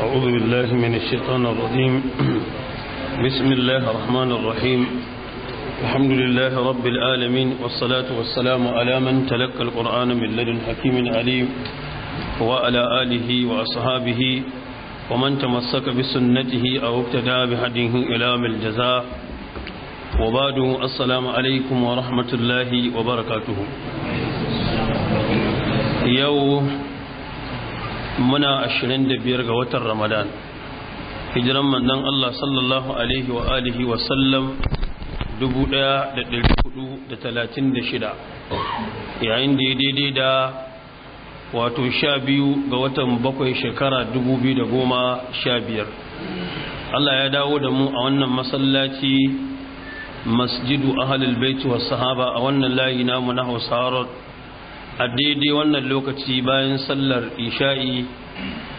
أعوذ بالله من الشيطان الرجيم بسم الله الرحمن الرحيم الحمد لله رب العالمين والصلاة والسلام على من تلقى القرآن من لدن حكيم عليم وعلى آله وأصحابه ومن تمسك بسنته أو اقتدى بهديه إلى الجزاء وبعد السلام عليكم ورحمة الله وبركاته يوم muna 25 ga watan ramadan hijiran manzon Allah sallallahu alaihi wa alihi wa sallam 1436 yayin da ya daidai da wato 12 ga watan bakwai shekara 2015 Allah ya dawo da mu a wannan masallaci masjidu ahlul bait was sahaba a wannan layi namu na Hausa a daidai wannan lokaci bayan sallar isha'i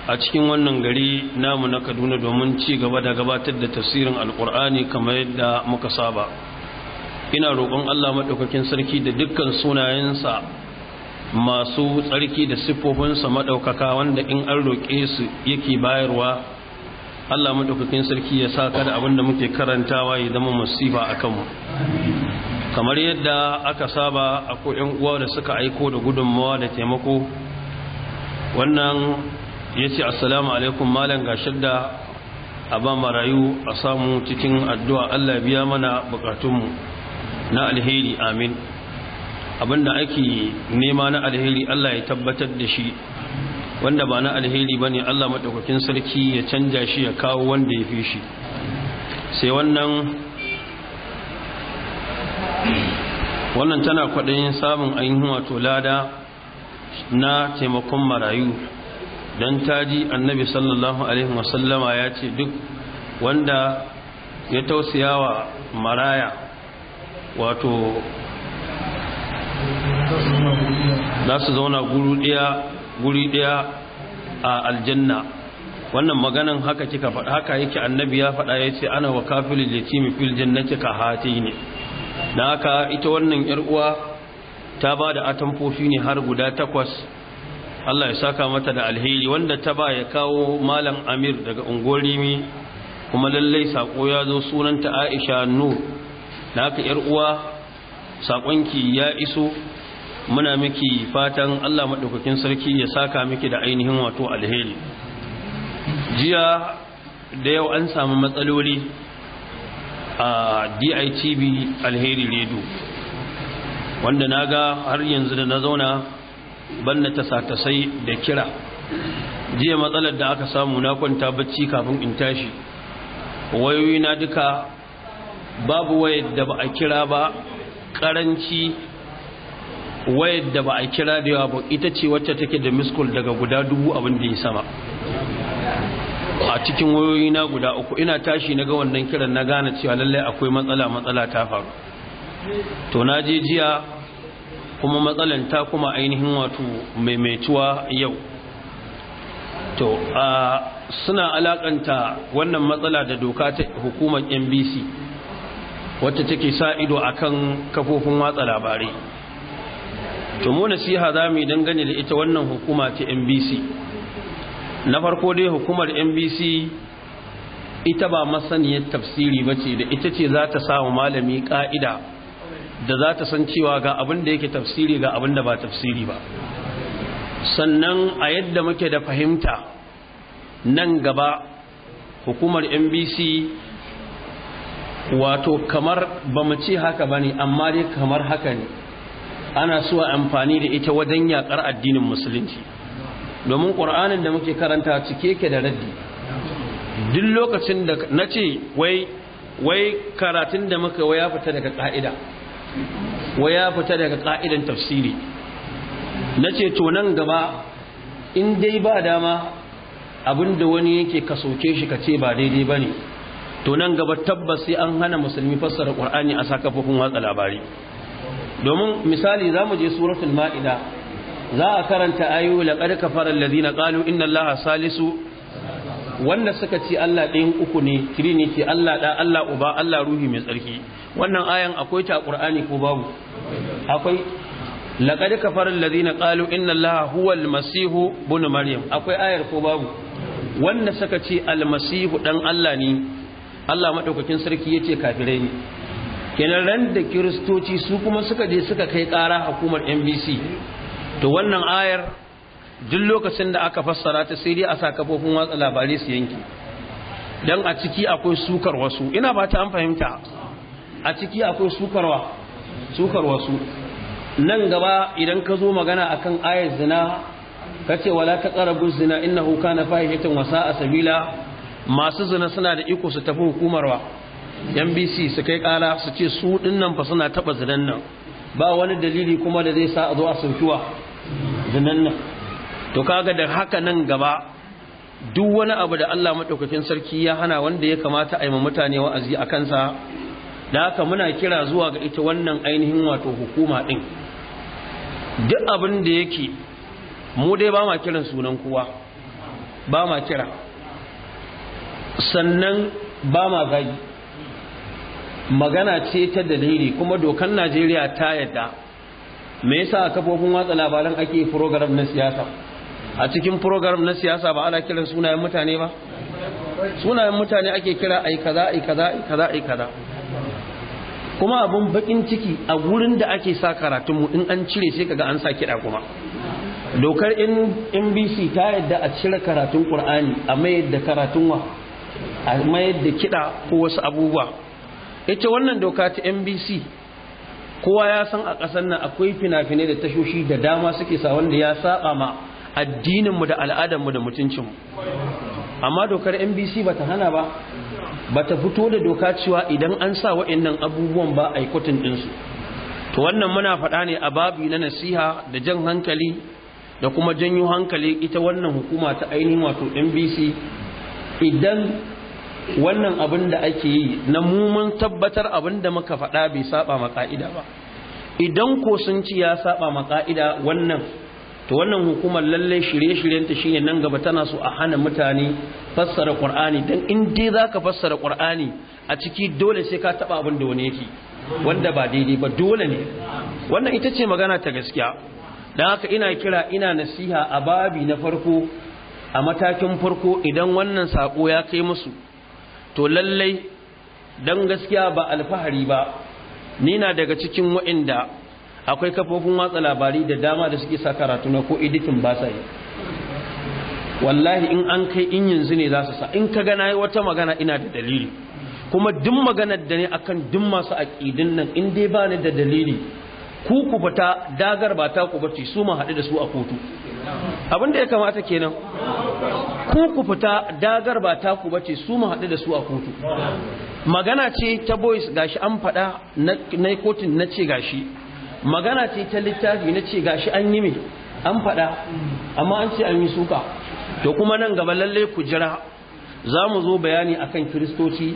a cikin wannan gari namu na kaduna domin ci gaba da gabatar da tasirin alkur'ani kamar yadda muka saba ina roƙon allah maɗaukakin sarki da dukkan sunayensa masu tsarki da siffofinsa maɗaukaka wanda in an roƙe su yake bayarwa allah maɗaukakin sarki ya sa kada abin da muke karantawa ya zama masifa a kanmu kamar yadda aka saba a yan uwa da suka aiko da gudunmawa da taimako wannan ya ce assalamu alaikum malam ga shidda a ba marayu a samu cikin addu'a Allah biya mana bukatunmu na alheri amin abinda ake nema na alheri Allah ya tabbatar da shi wanda ba na alheri ba ne Allah maɗaukakin sarki ya canja shi ya kawo wanda ya fi shi sai wannan wannan tana kwaɗayin samun ainihin wato lada na taimakon marayu don taji annabi sallallahu alaihi wasallama ya ce duk wanda ya tausiyawa maraya wato za su zauna guri ɗaya a aljanna wannan maganan haka kika yake annabi ya faɗa ya ce ana wa kafin yatimi mafi jannati ka hati ne da haka ita wannan 'yar uwa ta ba da atamfofi ne har guda takwas Allah ya saka mata da alheri wanda ta ba ya kawo malam amir daga ungorimi kuma lallai saƙo ya zo sunanta aisha nur da haka uwa saƙonki ya iso muna miki fatan Allah maɗaukakin sarki ya saka miki da ainihin wato alheri jiya da yau an samu matsaloli a DITB alheri redu wanda na ga har yanzu da na zauna banna tasa-tasai da kira jiya matsalar da aka samu na kwanta bacci kafin in tashi wayoyi na duka babu wayar da ba a kira ba karanci wayar da ba a kira da yawa ba ita ce wacce take da miskul daga guda dubu abin da ya sama a cikin wayoyi na guda uku ina tashi na ga wannan kiran na gane cewa lallai akwai matsala matsala ta faru to na je jiya kuma matsalan ta kuma ainihin wato maimaituwa yau to a suna alakanta wannan matsala da doka ta hukumar NBC wacce take sa ido akan kafofin watsa labarai to mu nasiha zamu dangane da ita wannan hukuma ta NBC na farko dai hukumar NBC ita ba masaniyar tafsiri ba ce da ita ce za ta samu malami ƙa'ida da za ta san cewa ga abin da yake tafsiri ga abin da ba tafsiri ba sannan a yadda muke da fahimta nan gaba hukumar NBC wato kamar ba mu ce haka ba ne amma dai kamar haka ne ana so amfani da ita wajen yaƙar addinin musulunci domin ƙur'anin da muke karanta cike ke da raddi duk lokacin da na ce wai karatun da muka waya fita daga ƙa'ida Waya fita daga ƙa'idan tafsiri na ce to nan gaba in dai ba dama abinda wani yake ka shi ka ce ba daidai ba ne to nan gaba tabbas sai an hana musulmi fassara ƙur'ani a sakafofin watsa labari domin misali za mu je suratul ma'ida za a karanta ayu laqad kafara alladhina qalu inna allaha salisu wanda suka ce Allah ɗayan uku ne trinity Allah da Allah uba Allah ruhi mai tsarki wannan ayan akwai ta qur'ani ko babu akwai laqad kafara alladhina qalu inna allaha huwa almasihu ibn maryam akwai ayar ko babu wanda suka ce almasihu dan Allah ne Allah madaukakin sarki yace kafirai ne kenan ran da kiristoci su kuma suka je suka kai ƙara hukumar NBC to wannan ayar duk lokacin da aka fassara ta sai dai a sa kafofin watsa labarai su yanki dan a ciki akwai sukar wasu ina ba ta an fahimta a ciki akwai sukarwa sukar wasu nan gaba idan ka zo magana akan ayar zina kace wala taqrabu zina innahu na fahimtar wasa a sabila masu zina suna da iko su tafi hukumarwa NBC su kai kala su ce su dinnan fa suna taɓa zinan nan ba wani dalili kuma da zai sa a zo a saukiwa zinan nan to kaga da haka nan gaba duk wani abu da Allah madaukakin sarki ya hana wanda ya kamata a yi mutane wa'azi a kansa da haka muna kira zuwa ga ita wannan ainihin wato hukuma din duk abin da yake mu dai ba ma kiran sunan kowa ba ma kira sannan ba ma zagi magana ce ta dalili kuma dokan najeriya ta yadda me yasa a kafofin watsa labaran ake program na siyasa a cikin program na siyasa ba ana kiran sunayen mutane ba sunayen mutane ake kira ai kaza ai kaza ai kaza ai kaza kuma abun bakin ciki a gurin da ake sa karatun mu in an cire sai kaga an sa kiɗa kuma dokar NBC ta yadda a cire karatun Qur'ani a mayar da karatun wa a mai da kiɗa ko wasu abubuwa ita wannan doka ta NBC kowa ya san a ƙasar nan akwai fina-finai da tashoshi da dama suke sa wanda ya saba ma addininmu da al'adarmu da mutuncinmu amma dokar NBC ba ta hana ba ba ta fito da doka cewa idan an sa wa'annan abubuwan ba a yi kwatin ɗinsu to wannan muna faɗa ne a babi na nasiha da jan hankali da kuma janyo hankali ita wannan hukuma ta ainihin wato NBC idan wannan abin da ake yi na muman tabbatar abin da muka faɗa bai saba ma ka'ida ba idan ko sun ci ya saba ma ka'ida wannan to wannan hukumar lalle shirye-shiryenta shiryen shine nan gaba tana so a hana mutane fassara Qur'ani dan in dai zaka fassara Qur'ani a ciki dole sai ka taba abin da wani yake wanda ba daidai ba dole ne wannan ita ce magana ta gaskiya dan haka ina kira ina nasiha a babi na farko a matakin farko idan wannan sako ya kai musu to lallai don gaskiya ba alfahari ba ni na daga cikin wa'inda akwai kafofin watsa labari da dama da suke sa karatu na ko editin ba sa yi wallahi in an kai in yanzu ne za su sa in ka gana wata magana ina da dalili kuma duk maganar da ne akan duk masu aƙidin nan in dai ba ni da dalili ku ku fita dagar ba ta ku bace su ma haɗu da su a kotu abin da ya kamata kenan ku ku fita dagar ba ta taku bace su mu haɗu da su a kotu magana ce ta boys gashi an faɗa na kotun na ce gashi magana ce ta littafi na ce gashi an yi mai an faɗa amma an ce an yi suka to kuma nan gaba lallai ku jira za mu zo bayani akan kiristoci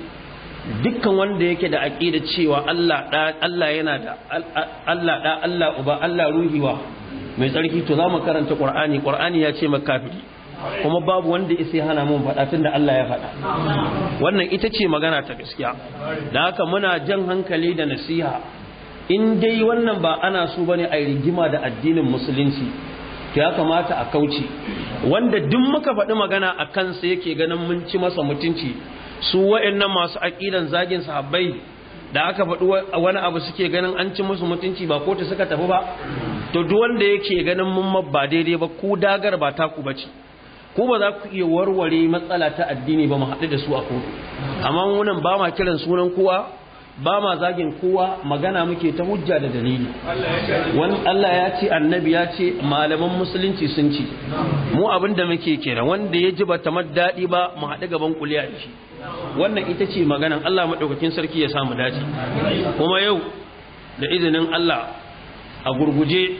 dukkan wanda yake da aqida cewa Allah da Allah yana da Allah da Allah uba Allah ruhiwa mai tsarki to za mu karanta Qur'ani Qur'ani ya ce makafiri kuma babu wanda isa hana mun faɗa tun da Allah ya faɗa wannan ita ce magana ta gaskiya da haka muna jan hankali da nasiha in dai wannan ba ana so ne a rigima da addinin musulunci to ya kamata a kauce wanda duk muka faɗi magana a kansa yake ganin mun ci masa mutunci su wa'annan masu aqidan zagin sahabbai da aka faɗi wani abu suke ganin an ci musu mutunci ba ko ta suka tafi ba to duk wanda yake ganin mun ba daidai ba ku dagar ba ta ku bace ku ba za ku iya warware matsala ta addini ba mu haɗu da su a kotu amma wannan ba ma kiran sunan kowa ba ma zagin kowa magana muke ta hujja da dalili wani Allah ya ce annabi ya ce malaman musulunci sun ce mu abin da muke kera wanda ya ji ba ta daɗi ba mu haɗu gaban kuliya da shi wannan ita ce maganan Allah maɗaukakin sarki ya samu dace kuma yau da izinin Allah a gurguje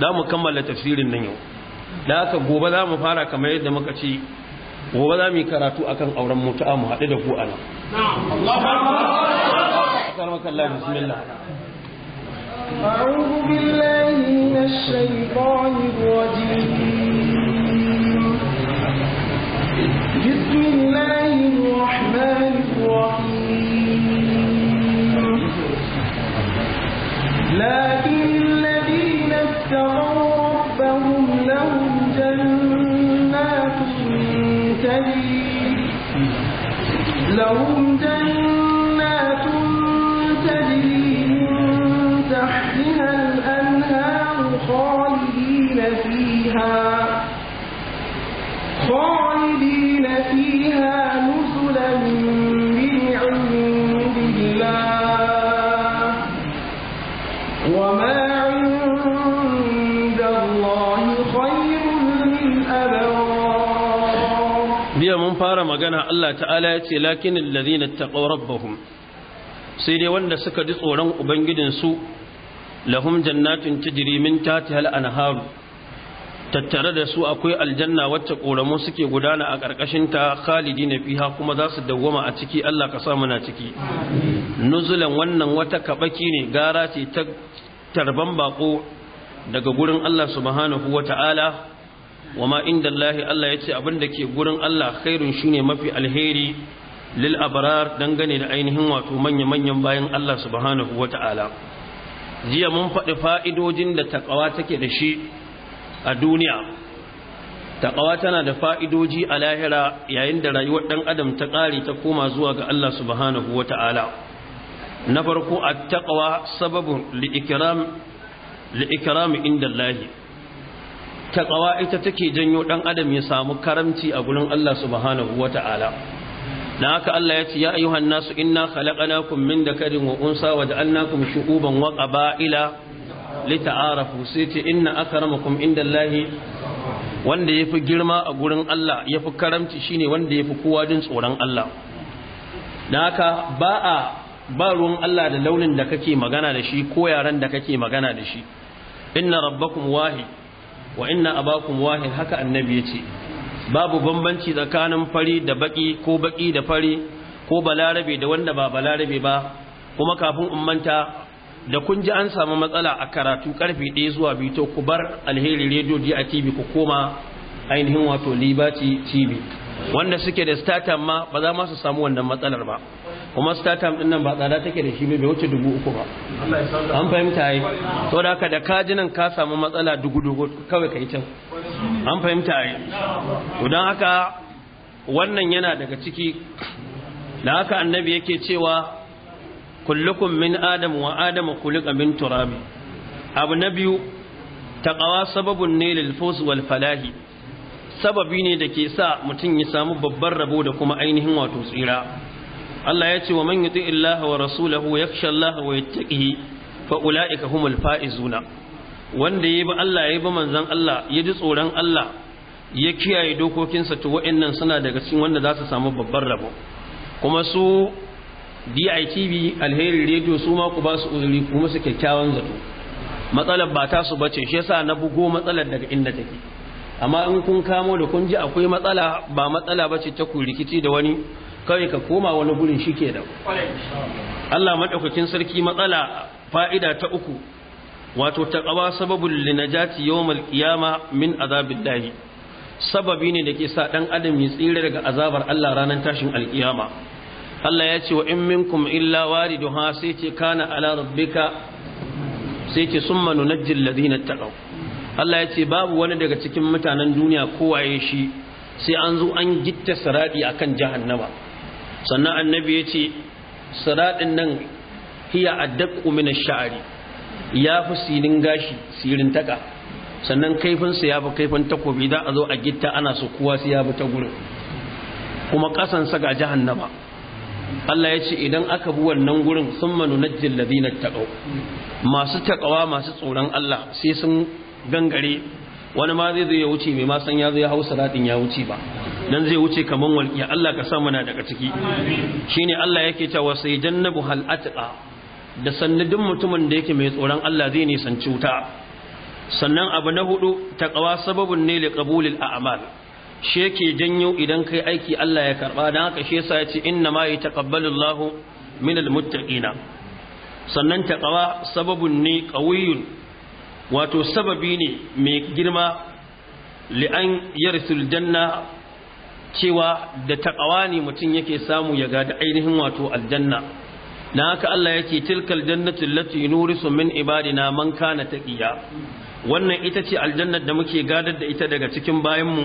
za mu kammala tafsirin nan yau da aka gobe za mu fara kamar yadda muka ce gobe za mu yi karatu akan auren mutu'a mu haɗu da ku a أكرمك الله بسم الله أعوذ بالله من الشيطان الرجيم بسم الله الرحمن الرحيم لكن الذين اتقوا ربهم لهم جنات تجري لهم جنات فيها نزلا من عند الله وما عند الله خير للأبرار بيا من فار مغانا الله تعالى لكن الذين اتقوا ربهم sai dai wanda suka ji tsoron ubangijinsu lahum jannatin tajri min tahtiha al-anharu tattare da su akwai aljanna wacce ƙoramu suke gudana a ƙarƙashinta khalidi na fiha kuma za su dawwama a ciki Allah ka samu na ciki nuzulan wannan wata kaɓaki ne gara ce ta tarban baƙo daga gurin Allah subhanahu wa ta'ala wa ma inda Allah Allah ya ce abin da ke gurin Allah khairun shi ne mafi alheri lil abrar dangane da ainihin wato manya-manyan bayan Allah subhanahu wa ta'ala jiya mun faɗi fa'idojin da taƙawa take da shi a duniya taƙawa tana da fa'idoji a lahira yayin da rayuwar ɗan adam ta ƙare ta koma zuwa ga Allah subhanahu wa ta'ala na farko a taƙawa sababin li'ikirami inda lahi taƙawa ita take janyo ɗan adam ya samu karamci a gurin Allah subhanahu wa ta'ala na haka Allah ya ce ya ayyuhan nasu inna khalaqnakum min dakarin wa unsa wa ja'alnakum shu'uban wa qaba'ila lita'arafu sai ce inna akramakum indallahi wanda yafi girma a gurin Allah yafi karamci shine wanda yafi kowa jin tsoron Allah dan haka ba a ba ruwan Allah da launin da kake magana da shi ko yaran da kake magana da shi inna rabbakum wahid wa inna abakum wahid haka annabi ce. babu bambanci tsakanin fari da baki ko baki da fari ko balarabe da wanda ba balarabe ba kuma kafin ummanta da kun ji an samu matsala a karatu karfe ɗaya zuwa biyu to ku bar alheri radio a tv ku koma ainihin wato liberty tv wanda suke da statam ma ba za ma su samu wannan matsalar ba kuma statam din nan ba tsada take da shi bai wuce dubu uku ba an fahimta yi to da haka da kajinan ka samu matsala dugu dugu kawai ka yi can an fahimta yi to don haka wannan yana daga ciki da haka annabi yake cewa kullukum min adam wa adam khuliqa min turab abu na biyu taqawa sababun ne lil fawz wal falahi sababi ne da ke sa mutum ya samu babban rabo da kuma ainihin wato tsira Allah ya ce wa man yuti illaha wa rasulahu yakhsha Allah wa yattaqi fa ulaika humul faizuna wanda yayi ba Allah yayi ba manzon Allah ya ji tsoron Allah ya kiyaye dokokinsa to wa'annan suna daga cikin wanda za su samu babbar rabo kuma su DITV alheri radio su ma ku ba su uzuri ku musu kyakkyawan zato matsalar ba ta su bace shi yasa na bugo matsalar daga inda take amma in kun kamo da kun ji akwai matsala ba matsala bace ta ku rikici da wani kawai ka koma wani gurin shi ke da Allah madaukakin sarki matsala fa'ida ta uku wato ta taqwa sababul linajati yawmal qiyama min azabillahi sababi ne da ke sa dan adam ya tsira daga azabar Allah ranar tashin alkiyama Allah ya ce wa in minkum illa wariduha sai ce kana ala rabbika sai ce summa nunajjil ladina taqaw Allah ya ce babu wani daga cikin mutanen duniya kowaye shi sai an zo an gitta saradi akan jahannama sannan annabi ya ce saradin nan hiya addaqu min ash-sha'ri yafi sinin gashi sirin taka sannan kaifin sa fi kaifin takobi da a zo a gitta ana so kowa sai ya bi ta gurin kuma kasan sa ga jahannama Allah ya ce idan aka bi wannan gurin sun manu na jillabi na taɓau masu taƙawa masu tsoron Allah sai sun gangare wani ma zai zai ya wuce mai masan ya zai ya hausa ya wuce ba nan zai wuce kamar walƙiya Allah ka sa mana daga ciki Shi ne Allah yake cewa sai jannabu hal atqa da duk mutumin da yake mai tsoron Allah zai nisanci wuta sannan abu na hudu taƙawa sababin ne li qabulil a'mal shi yake janyo idan kai aiki Allah ya karba dan haka shi yasa yace inna ma yataqabbalu Allahu minal muttaqina sannan taqwa sababun ne qawiyun wato sababi ne mai girma li'an yarsul janna cewa da taqwa ne mutum yake samu ya ga da ainihin wato aljanna dan haka Allah yake tilkal jannatul lati nurisu min ibadina man kana taqiya wannan ita ce aljannar da muke gadar da ita daga cikin bayanmu mu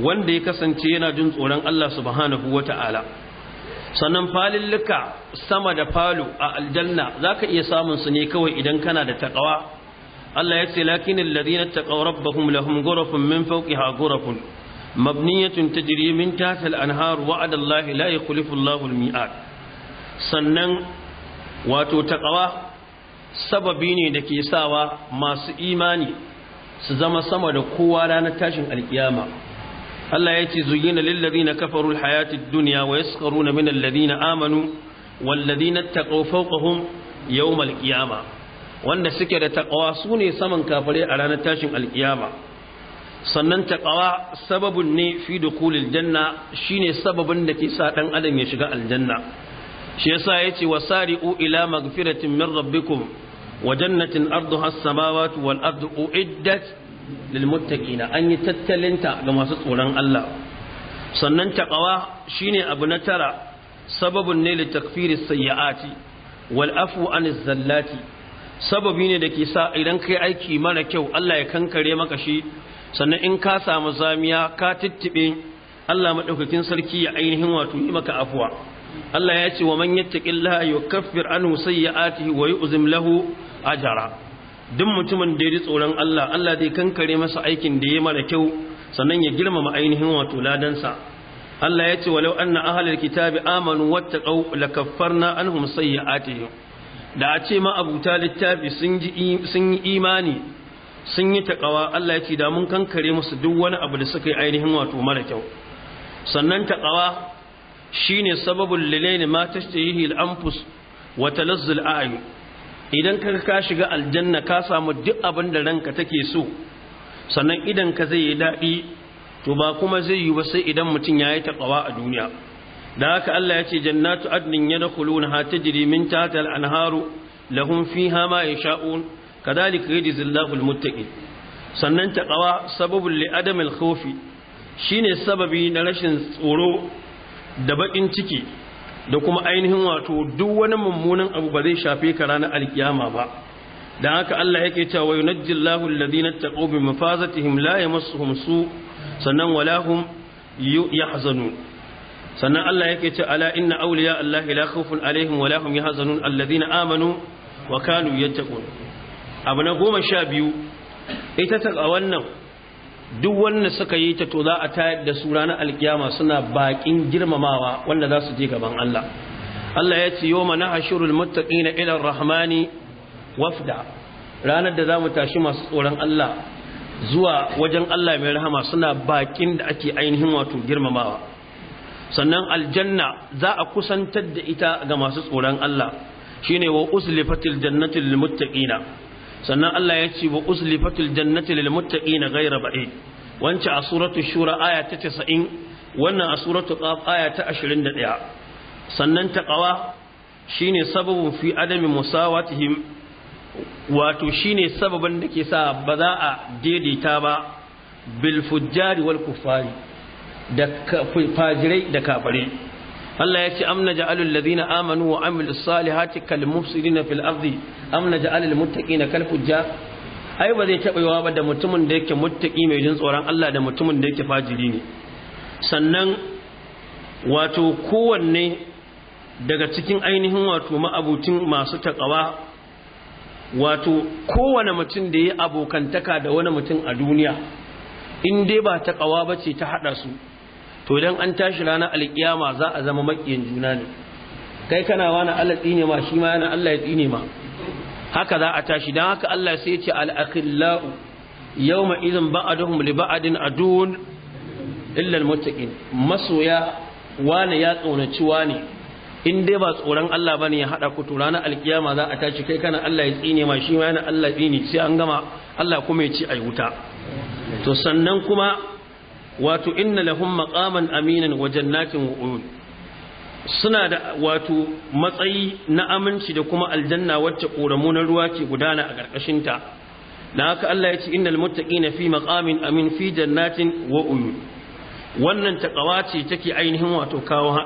wanda ya kasance yana jin tsoron Allah subhanahu wata'ala sannan falillika sama da falu a aljanna zaka iya samun su ne kawai idan kana da taqwa Allah ya ce lakinil ladina taqaw rabbahum lahum ghurafun min fawqiha ghurafun mabniyatun tajri min tahtiha al-anhar wa'ada Allah la yukhlifu Allahu al-mi'ad sannan wato taqwa sababi ne da ke sawa masu imani su zama sama da kowa ranar tashin alkiyama Allah ya ce zuyina lillazina kafaru alhayatid dunya wa yaskaruna min alladhina amanu wallazina taqaw fawqahum yawm alqiyama wanda suke da taqwa su ne saman kafare a ranar tashin alqiyama sannan taqwa sababun ne fi dukulil janna shine sababin da ke sa dan adam ya shiga aljanna shi yasa yace wasari'u ila magfiratin min rabbikum wa jannatin arduha as-samawati wal ardu uiddat للمتقين an yi tattalinta ga masu tsoron Allah sannan taqawa shine abu na tara sababun ne li takfiri sayyiati wal afu an zallati sababi ne dake sa idan kai aiki mara kyau Allah ya kankare maka shi sannan in ka samu zamiya ka tittibe Allah madaukakin sarki ya ainihin wato yi maka afuwa Allah ya ce wa man yattaqillaha yukaffir anhu sayyi'atihi wa yu'zim lahu ajra duk mutumin da ya ji tsoron Allah Allah zai kankare masa aikin da ya mara kyau sannan ya girmama ainihin wato ladansa Allah ya ce walau anna ahlul kitabi amanu wattaqau lakaffarna anhum sayyi'atihim da a ce ma abuta littafi sun ji sun yi imani sun yi taqawa Allah ya ce da mun kankare musu duk wani abu da suka yi ainihin wato mara kyau sannan takawa shine sababul lilaini ma tashtahihi al-anfus wa talazzul a'yun idan ka ka shiga aljanna ka samu duk abin da ranka take so sannan idan ka zai yi daɗi to ba kuma zai yi ba sai idan mutum ya yi taƙawa a duniya da haka Allah ya ce jannatu adnin ya dakhuluna ha tajri min tahtiha al-anharu lahum fiha ma yasha'un kadhalika yajzi Allahu muttaqin sannan taqawa sababul li adam al-khawfi shine sababi na rashin tsoro da bakin ciki da kuma ainihin wato duk wani mummunan abu ba zai shafe ka ranar alkiyama ba Da haka Allah yake cewa wa yunajjillahu alladhina taqaw bi mafazatihim la masu su sannan wala hum yahzanun sannan Allah yake cewa ala inna awliya Allah la khawfun alaihim wala hum yahzanun alladhina amanu wa kanu yattaqun abu na goma sha biyu ita ta wannan duk wanda suka yi ta to za a tayar da su ranar alkiyama suna bakin girmamawa wanda za su je gaban Allah Allah ya ce yawma ashirul muttaqina ila rahmani wafda ranar da zamu tashi masu tsoron Allah zuwa wajen Allah mai rahama suna bakin da ake ainihin wato girmamawa sannan aljanna za a kusantar da ita ga masu tsoron Allah shine wa uslifatil jannatu muttaqina sannan Allah ya ce wa usli uslifatul jannati lil muttaqina ghayra ba'id wance a suratu shura aya ta 90 wannan a suratu qaf aya ta 21 sannan taqwa shine sababun fi adami musawatihim wato shine sababan da ke sa ba za a daidaita ba bil fujjari wal kuffari da fajirai da kafare Allah ya ce amna ja'alul ladina amanu wa amilus salihati kal mufsidina fil ardi amna ja'alul muttaqina kal ai ba zai taba yawa ba da mutumin da yake muttaqi mai jin tsoron Allah da mutumin da yake fajiri ne sannan wato kowanne daga cikin ainihin wato ma'abutin masu takawa wato kowane mutum da ya abokantaka da wani mutum a duniya in dai ba takawa ba ce ta haɗa su to idan an tashi ranar alkiyama za a zama makiyin juna ne kai kana wani Allah tsine ma shi ma yana Allah ya tsine ma haka za a tashi dan haka Allah sai ya ce al akhillau yawma idhin ba'aduhum li ba'adin adun illa al muttaqin masoya wani ya tsonaci wani in dai ba tsoron Allah bane ya hada ku to ranar alkiyama za a tashi kai kana Allah ya tsine ma shi ma yana Allah ya tsine sai an gama Allah kuma ya ci ayi wuta to sannan kuma wato inna lahum maqaman aminan wa jannatin wa suna da wato matsayi na aminci da kuma aljanna wacce ƙoramu na ruwa ke gudana a ƙarƙashin ta da haka Allah ya ce innal muttaqina fi maqamin amin fi jannatin wa uyun wannan taqawa ce take ainihin wato kawo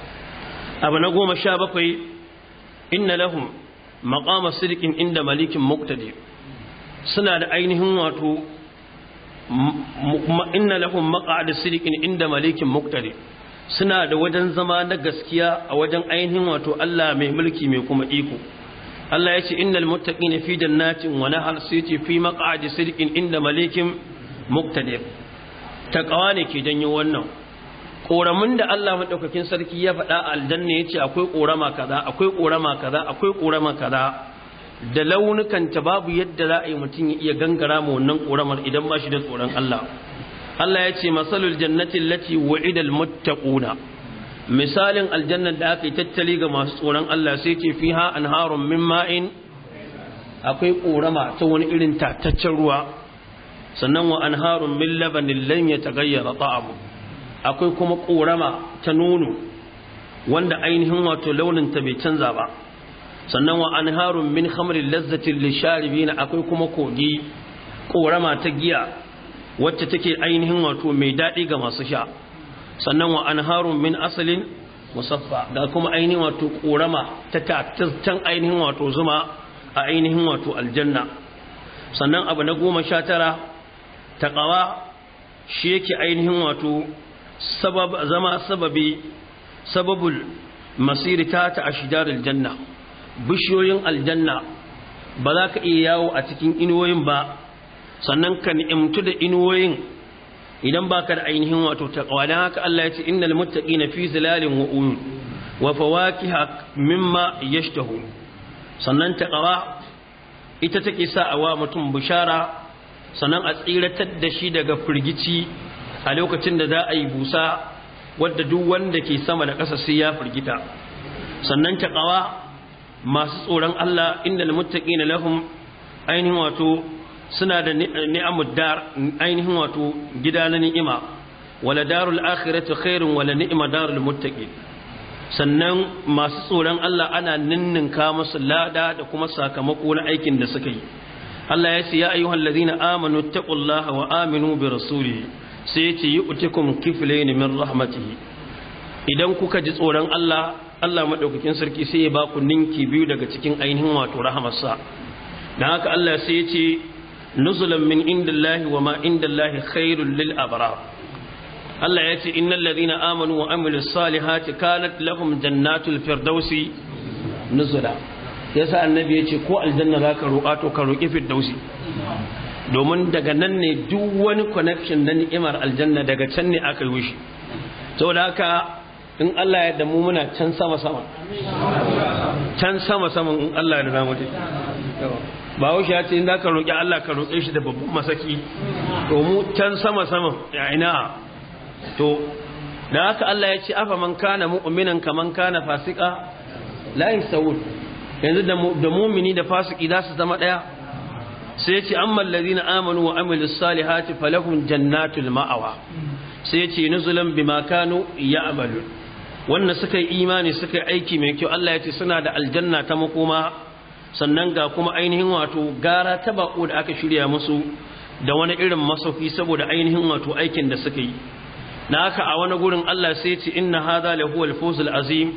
abu na goma sha bakwai inna lahum maqama sidqin inda malikin muqtadir suna da ainihin wato inna lahum maq'ad sidiqin inda malikin muqtadi suna da wajen zama na gaskiya a wajen ainihin wato Allah mai mulki mai kuma iko Allah ya ce innal muttaqina fi jannatin wa nahal sayti fi maq'ad sidiqin inda malikin muqtadi ta ne ke janyo wannan koramin da Allah madaukakin sarki ya faɗa aljanna yace akwai korama kaza akwai korama kaza akwai korama kaza da launukanta babu yadda za a yi mutum ya iya gangara ma wannan ƙoramar idan ba shi da tsoron Allah Allah ya ce masalul jannati lati wa'ida almuttaquna misalin aljanna da aka yi tattali ga masu tsoron Allah sai ce fiha anharun min ma'in akwai ƙorama ta wani irin tataccen ruwa sannan wa anharun min labanin lam yataghayyara ta'amu akwai kuma ƙorama ta nono wanda ainihin wato launin ta bai canza ba sannan wa harun min khamrin lazzatin na akwai kuma kogi korama ta giya wacce take ainihin wato mai daɗi ga masu sha sannan wa harun min asalin musaffa da kuma ainihin wato korama ta tattan ainihin wato zuma a ainihin wato aljanna sannan abu na goma sha tara ta ƙawa shi yake ainihin wato zama sababi sababul masiri ta ta shidar aljanna. bishiyoyin aljanna ba za ka iya yawo a cikin inuwoyin ba sannan ka ni'imtu da inuwoyin idan ba ka da ainihin wato taqwa dan haka Allah ya ce innal muttaqina fi zilalin wa uyun wa fawakiha mimma yashtahu sannan taqwa ita take sa awa mutum bishara sannan a tsiratar da shi daga firgici a lokacin da za a yi busa wadda duk wanda ke sama da ƙasa sai ya firgita sannan taqwa masu tsoron Allah inda na lahum ainihin wato suna da ni'amud ainihin wato gida na ni'ima wala darul akhirati khairun wala ni'ma darul muttaqin sannan masu tsoron Allah ana ninninka musu lada da kuma sakamako na aikin da suka yi Allah ya ce ya ayyuhal ladina amanu taqullaha wa aminu bi rasulihi sai ya ce yu'tikum kiflayn min rahmatihi idan kuka ji tsoron Allah Allah maɗaukacin sarki sai ya ba ku ninki biyu daga cikin ainihin wato rahamarsa Da haka Allah sai ya ce nuzulan min indillahi wa ma indillahi khairul lil abrar Allah ya ce innal ladina amanu wa amilus salihati kanat lahum jannatul firdausi nuzula yasa annabi ya ce ko aljanna zaka roƙa to ka roƙi firdausi domin daga nan ne duk wani connection na ni'imar aljanna daga can ne aka yi shi saboda haka in Allah ya damu muna can sama sama can sama sama in Allah ya damu je ba wuce ya ce in zaka roƙi Allah ka roƙe shi da babban masaki to mu can sama sama ya ina to da haka Allah ya ce afa man kana mu'minan kaman kana fasika la yasawun yanzu da mu'mini da fasiki za su zama daya sai ce an mallari na amonu wa amilus salihati falahun jannatul ma'awa sai ce nuzulan bimakanu ya amalu wanda suka yi imani suka yi aiki mai kyau Allah ya ce suna da aljanna ta makoma sannan ga kuma ainihin wato gara ta bako da aka shirya musu da wani irin masauki saboda ainihin wato aikin da suka yi na haka a wani gurin Allah sai ya ce inna hadha la al-fawzul azim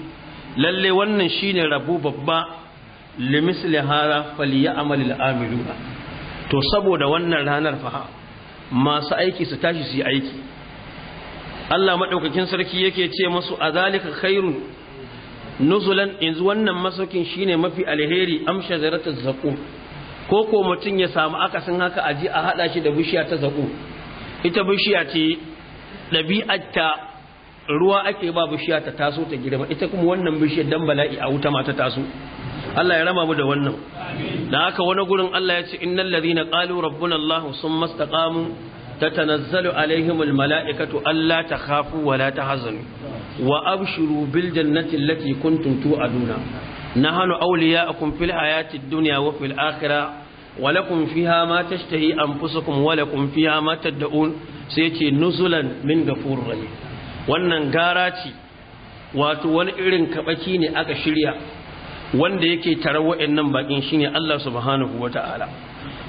lalle wannan shine rabu babba misli hadha falyamal al-amiluna to saboda wannan ranar fa masu aiki su tashi su yi aiki Allah maɗaukakin sarki yake ce masu a zalika khairun nuzulan yanzu wannan masaukin shine mafi alheri amsha zaratar zaƙo ko ko mutum ya samu akasin haka aji a haɗa shi da bishiya ta zaƙo ita bishiya ce ta ruwa ake ba bishiya ta taso ta girma ita kuma wannan bishiyar dan bala'i a wuta ma ta taso Allah ya rama mu da wannan da haka wani gurin Allah ya ce innal ladhina qalu rabbuna Allah summa istaqamu Ta tatanazzalu alaihimul mala'ikatu ta takhafu wala tahzanu wa abshiru bil jannati allati kuntum tu'aduna nahnu awliya'ukum fil hayatid dunya wa fil akhirah wa lakum fiha ma tashtahi anfusukum wa lakum fiha ma tad'un sai yace nuzulan min ghafurur rahim wannan gara ce wato wani irin kabaki ne aka shirya wanda yake tarar wa'annan bakin shine Allah subhanahu wata'ala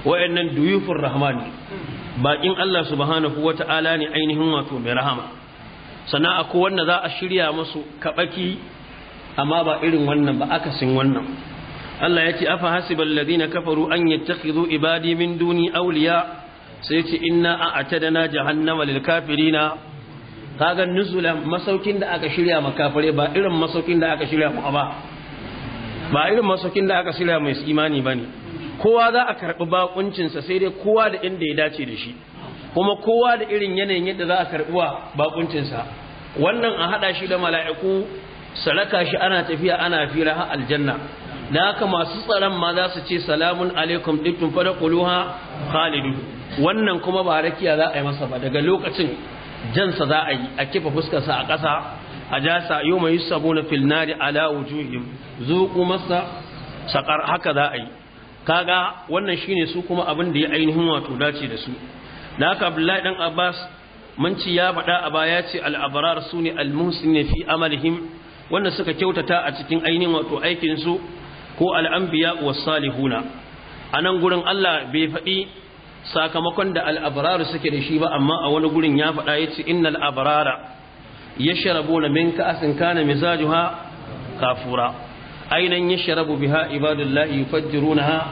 wa'annan duyufur rahman bakin Allah subhanahu wata'ala ne ainihin wato mai rahama sana'a ko wanda za a shirya musu kabaki amma ba irin wannan ba akasin wannan Allah ya ce afa hasibal ladina kafaru an kizo ibadi min duni awliya sai ce inna na jahannama lil kafirina kaga nusula masaukin da aka shirya ma ba irin masaukin da aka shirya ba ba irin masaukin da aka sila mai imani ba ne kowa za a karɓi bakuncinsa sai dai kowa da inda ya dace da shi kuma kowa da irin yanayin yadda za a karɓi wa bakuncinsa wannan a haɗa shi da mala'iku salaka shi ana tafiya ana fira har aljanna da haka masu tsaron ma za su ce salamun alaikum duk fara ƙuluha halidu wannan kuma ba rakiya za a yi masa ba daga lokacin jansa za a yi a kifa fuskarsa a ƙasa ajasa yawma yusabuna fil nari ala wujuhim zuqu masa sakar haka za a yi kaga wannan shine su kuma abin da ya ainihin wato dace da su da haka abdullahi dan abbas mun ci ya faɗa a baya ce al-abrar sune al-muhsin fi amalihim wanda suka kyautata a cikin ainihin wato aikin su ko al-anbiya was-salihuna anan gurin Allah bai faɗi sakamakon da al-abrar suke da shi ba amma a wani gurin ya faɗa yace innal abrara yashrabuna minka asin kana mizajuha kafura ainan yashrabu biha ibadullahi yufajjirunaha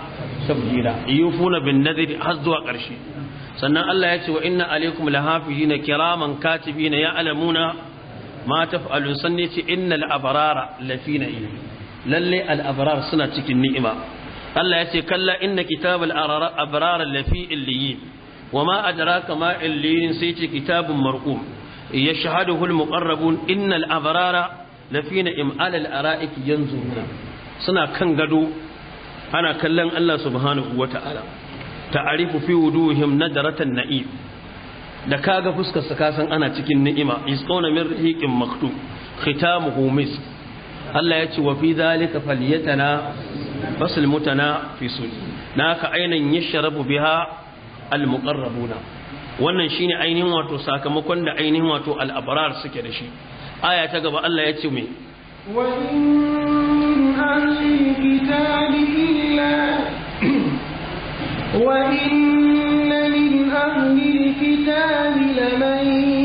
tabjila yufuna bin nadri har zuwa karshe. sannan Allah ya ce wa inna alaikum lahafizina kiraman katibina ya'lamuna ma taf'alun sanne ce innal abrara lafi na'im lalle al abrar suna cikin ni'ima Allah ya ce kalla inna kitabal abrar lafi illiyin wa ma adraka ma illiyin sai ce kitabun marqum يشهده المقربون إن الأبرار لفي نعم على الأرائك ينظرون Suna كان gado. أنا kallon الله سبحانه وتعالى تعرف في وجوههم ندرة النعيم da kaga fuskar sa kasan ana cikin ni'ima isqawna min rihiqin maktum khitamuhu misk Allah yace wa fi dhalika falyatana basal mutana fi sun naka ainan yashrabu biha al muqarrabuna wannan shine ainihin wato sakamakon da ainihin wato al'abrar suke da shi aya ta gaba Allah ya ce me wa in ahli kitabi illa wa inna min ahli kitabi lamai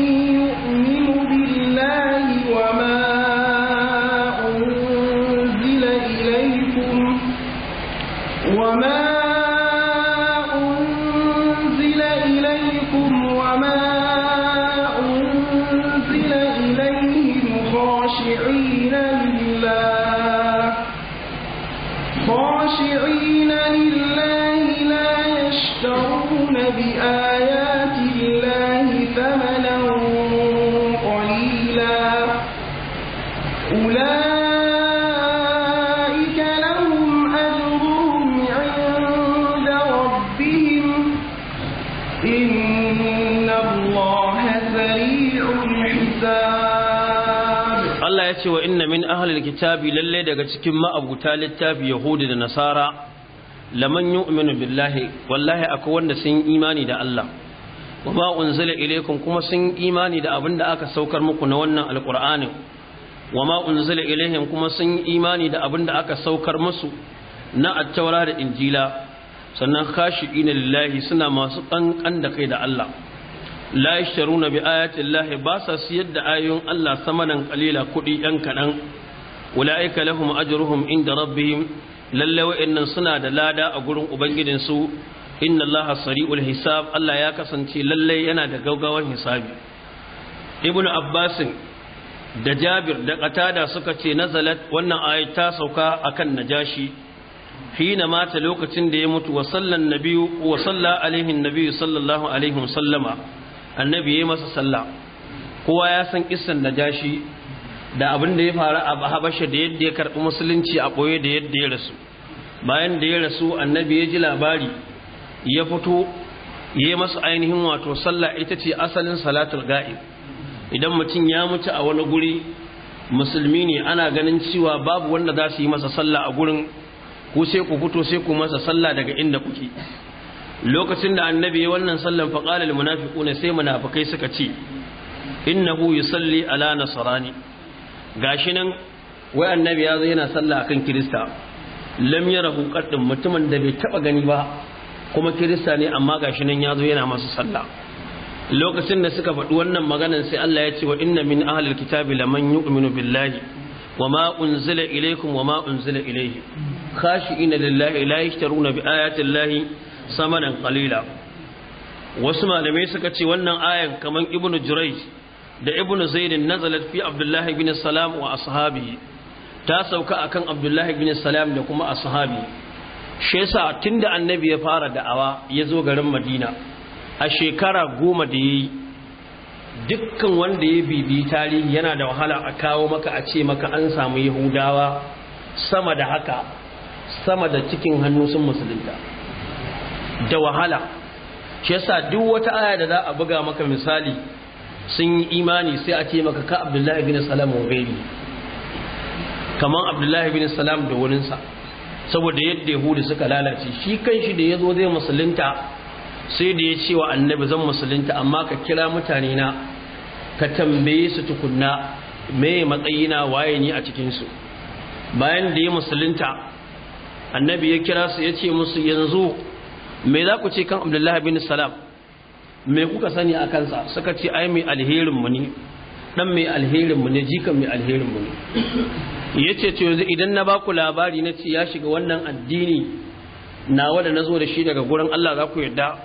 min kitabi lalle daga cikin ma'abuta littafi yahudi da nasara laman yu'minu billahi wallahi akwai wanda sun imani da Allah wa ma unzila ilaykum kuma sun imani da abin da aka saukar muku na wannan alqur'ani wa ma unzila ilayhim kuma sun imani da abin da aka saukar musu na at da injila sannan khashi'ina lillahi suna masu kankan da kai da Allah la yashtaruna bi ayati llahi ba sa siyar da ayoyin Allah samanan kalila kudi yan kadan ulaika lahum ajruhum inda rabbihim lalle wa'annan suna da lada a gurin ubangijin su inna allaha sari'ul hisab Allah ya kasance lalle yana da gaggawar hisabi ibnu abbas da jabir da qatada suka ce nazalat wannan ayat ta sauka akan najashi hina mata lokacin da ya mutu wa sallan nabiyu wa salla alaihi nabiyu sallallahu annabi ya yi masa sallah kowa ya san kissan najashi da abin da ya faru a habasha da yadda ya karɓi musulunci a ɓoye da yadda ya rasu bayan da ya rasu annabi ya ji labari ya fito ya yi masa ainihin wato sallah ita ce asalin salatul ga'ib idan mutum ya mutu a wani guri musulmi ne ana ganin cewa babu wanda za su yi masa sallah a gurin ku sai ku fito sai ku masa sallah daga inda kuke lokacin da annabi ya wannan sallan faƙalar ne sai munafikai suka ce innahu salli ala nasrani gashi nan wai annabi ya zo yana sallah akan kirista lam yarahu qaddin mutumin da bai taba gani ba kuma kirista ne amma gashi nan ya zo yana masu sallah lokacin da suka faɗi wannan maganan sai Allah ya ce wa inna min ahlil kitabi laman yu'minu billahi wa ma unzila ilaykum wa ma unzila ilayhi khashi'ina lillahi la yashtaruna bi ayati samanan kalila wasu malamai suka ce wannan ayan kamar ibnu jurai da ibnu zaidin nazalat fi abdullahi bin salam wa ashabi ta sauka akan abdullahi bin salam da kuma ashabi shi yasa tunda annabi ya fara da'awa ya zo garin madina a shekara goma da yayi dukkan wanda ya bibi tarihi yana da wahala a kawo maka a ce maka an samu yahudawa sama da haka sama da cikin hannu sun musulunta da wahala shi yasa duk wata aya da za a buga maka misali sun yi imani sai a ce maka ka abdullahi bin salam wa gairi kamar abdullahi bin salam da wurinsa saboda yadda yahudi suka lalace shi kan shi da ya zo zai musulunta sai da ya ce wa annabi zan musulunta amma ka kira mutane na ka tambaye su tukunna me matsayina waye ni a cikinsu bayan da ya musulunta annabi ya kira su ya ce musu yanzu me za ku ce kan abdullahi bin salam me kuka sani a kansa suka ce ai mai alherinmu ne dan mai alherinmu ne jikan mai alherinmu ne ya ce yanzu idan na baku labari na ce ya shiga wannan addini nawa da na zo da shi daga gurin Allah za ku yarda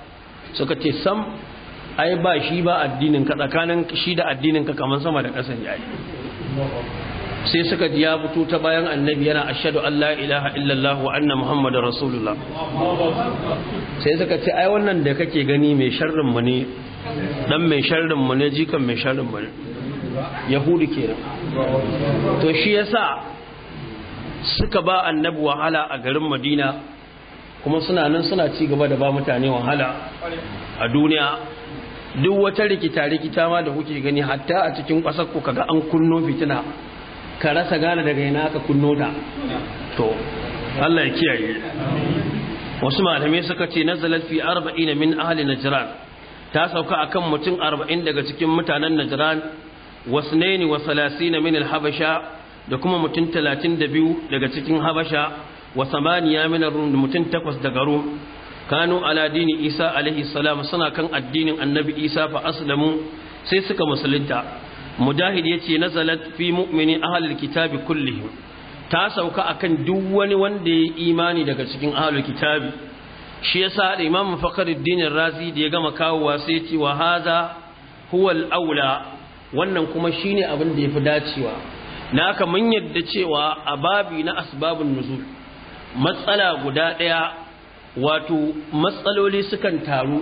suka ce sam ai ba shi ba addinin ka tsakanin shi da addinin ka kamar sama da kasan yayi sai suka ji ya fito ta bayan annabi yana ashadu Allah la ilaha illallah wa anna muhammadar rasulullah sai suka ce ai wannan da kake gani mai sharrin mu ne dan mai sharrin mu ne jikan mai sharrin mu ne yahudu kenan to shi yasa suka ba annabi wahala a garin madina kuma suna nan suna ci gaba da ba mutane wahala a duniya duk wata rikita-rikita ma da kuke gani hatta a cikin ƙasar ku kaga an kunno fitina ka rasa gane daga yana aka kunno ta to Allah ya kiyaye wasu malamai suka ce nazalat fi arba'ina min ahli najran ta sauka akan mutum 40 daga cikin mutanen najran wasnaini wa 30 min alhabasha habasha da kuma mutum 32 daga cikin habasha wa samaniya min ar da mutum 8 daga rum kanu ala dini isa alaihi salam suna kan addinin annabi isa fa aslamu sai suka musulunta mujahid ya ce nazalat fi mu'mini ahalul kitabi kullihim ta sauka akan duk wani wanda ya imani daga cikin ahalul kitabi shi yasa da imam fakhruddin razi da ya gama kawowa sai ya ce wa hadha huwa aula wannan kuma shine abin da yafi dacewa na haka mun yadda cewa a babi na asbabun nuzul matsala guda daya wato matsaloli sukan taru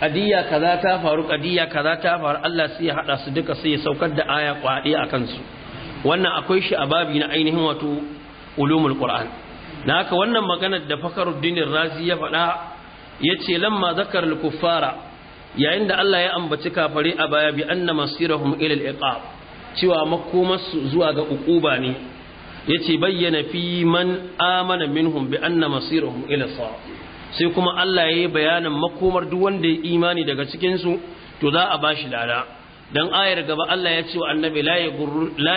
ƙadiyya kaza ta faru ƙadiyya kaza ta faru Allah sai ya haɗa su duka sai ya saukar da aya kwaɗe a kansu wannan akwai shi a babi na ainihin wato ulumul qur'an na haka wannan maganar da fakaruddin razi ya faɗa ya ce lamma zakar kuffara yayin da Allah ya ambaci kafare a baya bi anna masirahum ila al-iqab cewa makomarsu zuwa ga ukuba ne yace bayyana fi man amana minhum bi anna masirahum ila sawab sai kuma Allah ya yi bayanin makomar duk wanda ya imani daga cikinsu to za a bashi lada dan ayar gaba Allah ya ce wa annabi la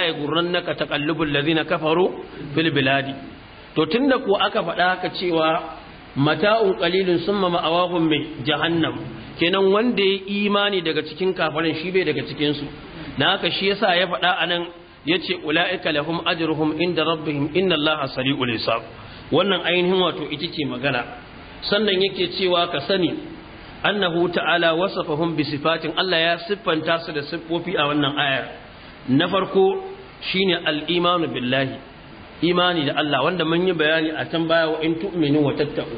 ya gurrannaka taqallubul na kafaru fil biladi to tunda ko aka faɗa haka cewa mata'un qalilun summa ma'awahum min jahannam kenan wanda ya imani daga cikin kafarin shi bai daga cikinsu, su haka shi yasa ya faɗa anan yace ulaika lahum ajruhum inda rabbihim inna allaha sari'ul hisab wannan ainihin wato ita ce magana sannan yake cewa ka sani annahu ta'ala wasafahum bi sifatin Allah ya siffanta su da siffofi a wannan ayar na farko shine al iman billahi imani da Allah wanda mun yi bayani a can baya wa in tu'minu wa tattaqu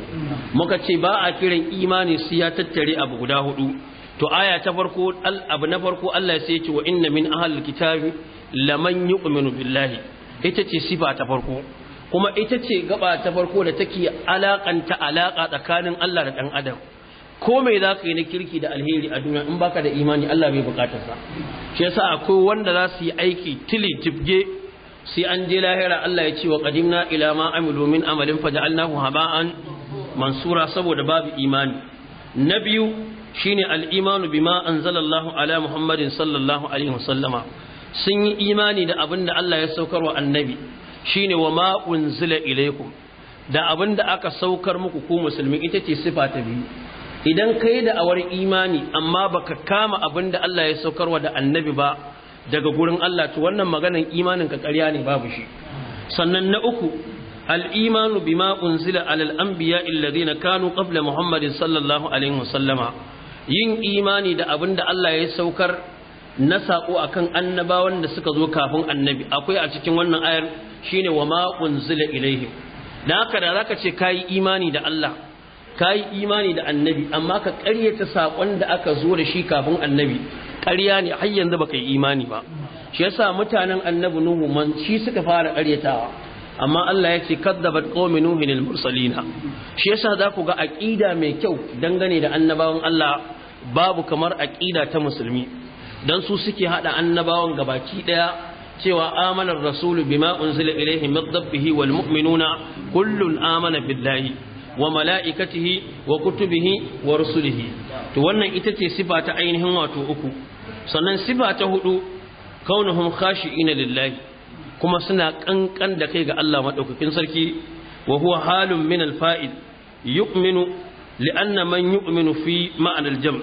muka ce ba a kiran imani su ya tattare abu guda hudu to aya ta farko abu na farko Allah sai ya ce wa inna min ahlil kitabi laman yu'minu billahi ita ce sifa ta farko kuma ita ce gaba ta farko da take ta alaƙa tsakanin Allah da ɗan adam ko me za ka yi na kirki da alheri a duniya in baka da imani Allah bai bukatar sa shi yasa akwai wanda za su yi aiki tili tibge sai an je lahira Allah ya ce wa qadimna ila ma amilu min amalin faj'alnahu haba'an mansura saboda babu imani na biyu shine al-imanu bima anzalallahu ala muhammadin sallallahu alaihi wasallama sun yi imani da abin da Allah ya saukar wa annabi shine wa ma unzila ilaikum da abin da aka saukar muku ku musulmi ita ce sifa ta biyu idan ka da awar imani amma baka kama abin da Allah ya saukarwa da annabi ba daga gurin Allah to wannan maganan imanin ka ne babu shi sannan na uku alimanu bi bima unzila alal anbiya na kanu qabla muhammadin sallallahu alaihi wasallama yin imani da abin da Allah ya saukar na sako akan annabawan da suka zo kafin annabi akwai a cikin wannan ayar shine wa ma unzila ilaihi da haka da zaka ce kai imani da Allah kai imani da annabi amma ka ƙaryata saƙon da aka zo da shi kafin annabi ƙarya ne har yanzu baka yi imani ba shi yasa mutanen annabi nuhu man shi suka fara ƙaryatawa amma Allah ya ce kaddabat qaumi nuhin al-mursalina shi yasa za ku ga aqida mai kyau dangane da annabawan Allah babu kamar aqida ta musulmi dan su suke hada annabawan gabaki daya cewa amanar rasulu bima unzila ilaihi min rabbihi wal mu'minuna kullun amana billahi wa mala'ikatihi wa kutubihi wa rusulihi to wannan ita ce sifa ta ainihin wato uku sannan sifa ta hudu kaunuhum khashi'ina lillahi kuma suna kankan da kai ga Allah madaukakin sarki wa huwa halun min al-fa'il yu'minu li'anna man yu'minu fi ma'anar jam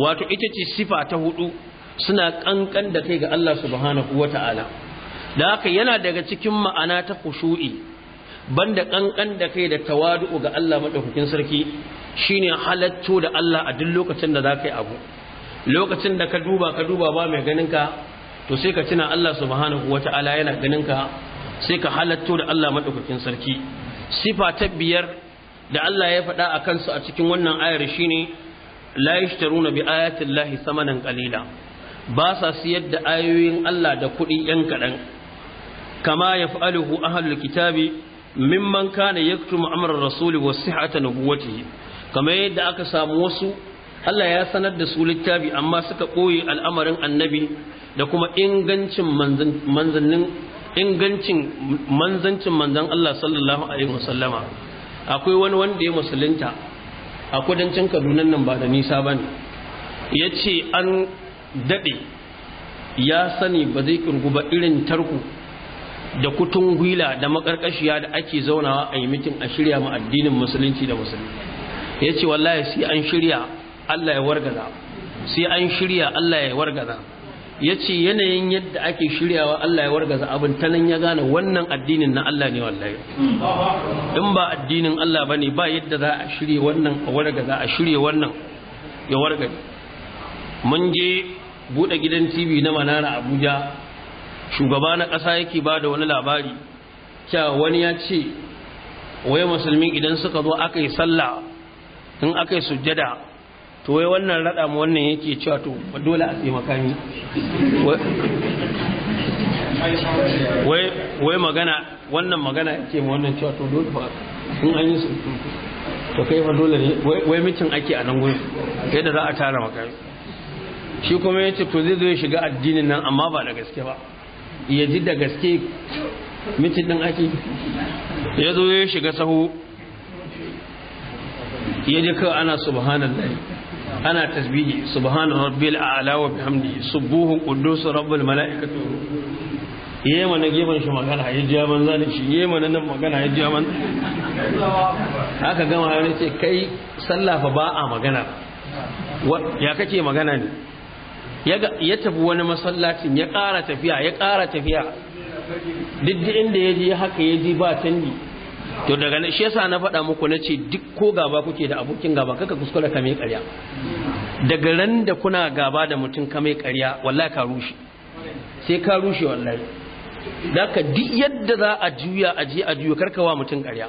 wato ita ce sifa ta hudu suna kankan da kai ga Allah subhanahu wa ta'ala da haka yana daga cikin ma'ana ta kushu'i banda kankan da kai da tawadu'u ga Allah madaukakin sarki shine halatto da Allah a duk lokacin da zaka yi abu lokacin da ka duba ka duba ba mai ganin to sai ka tuna Allah subhanahu wa ta'ala yana ganin ka sai ka halatto da Allah madaukakin sarki sifa ta biyar da Allah ya faɗa a kansu a cikin wannan ayar shine la yashtaruna bi ayati llahi samanan qalila ba sa siyar da ayoyin Allah da kuɗi ‘yan kaɗan, kama ya fa'aluhu ahalul kitabi mimman kana ya kutu ma'amarar rasuli wa sihata buwaci, kama yadda aka samu wasu, Allah ya sanar da su littafi amma suka ɓoye al'amarin annabi da kuma ingancin manzannin manzancin manzan Allah sallallahu Alaihi wasallama. Akwai wani wanda ya musulunta a kudancin Kaduna nan ba da nisa ba ne, ya ce an daɗe ya sani ba zai kirgu ba irin tarku da kutun gwila da makarkashiya da ake zaunawa a yi mitin a shirya ma addinin musulunci da musulunci. ya ce wallahi sai an shirya allah ya wargaza sai an shirya allah ya wargaza ya ce yanayin yadda ake shiryawa allah ya wargaza abin ta nan ya gane wannan addinin na allah ne wallahi in ba addinin allah ba ne ba yadda za a shirya wannan a wargaza a shirya wannan ya wargaza mun je buɗe gidan tv na manara abuja shugaba na ƙasa yake ba da wani labari cewa wani ya ce waye musulmi idan suka zo aka yi sallah in aka yi sujjada to wai wannan raɗa mu wannan yake cewa to dole a taimaka makami. wai magana wannan magana yake ma wannan cewa to dole fa in an yi to kai fa dole ne wai mutum ake a nan gurin yadda za a tara makami shi kuma ya ce to zai zo ya shiga addinin nan amma ba da gaske ba ya ji da gaske mitin ɗin ake ya zo ya shiga sahu ya ji kawai ana subhanallah ana tasbihi subhanan rabbil a'la wa bihamdi, subuhu quddus rabbul malaikatu yayi mana gefen shi magana ya ji ban zani shi yayi mana nan magana ya ji ban haka gama ya ce kai sallafa ba a magana ya kake magana ne ya tafi wani masallacin ya ƙara tafiya ya ƙara tafiya duk inda ya je haka ya ji ba canji to daga shi yasa na faɗa muku na ce duk ko gaba kuke da abokin gaba kaka kuskura ka mai ƙarya daga ran da kuna gaba da mutum ka mai ƙarya wallahi ka rushe sai ka rushe wallahi ka duk yadda za a juya a je a juya karkawa mutum ƙarya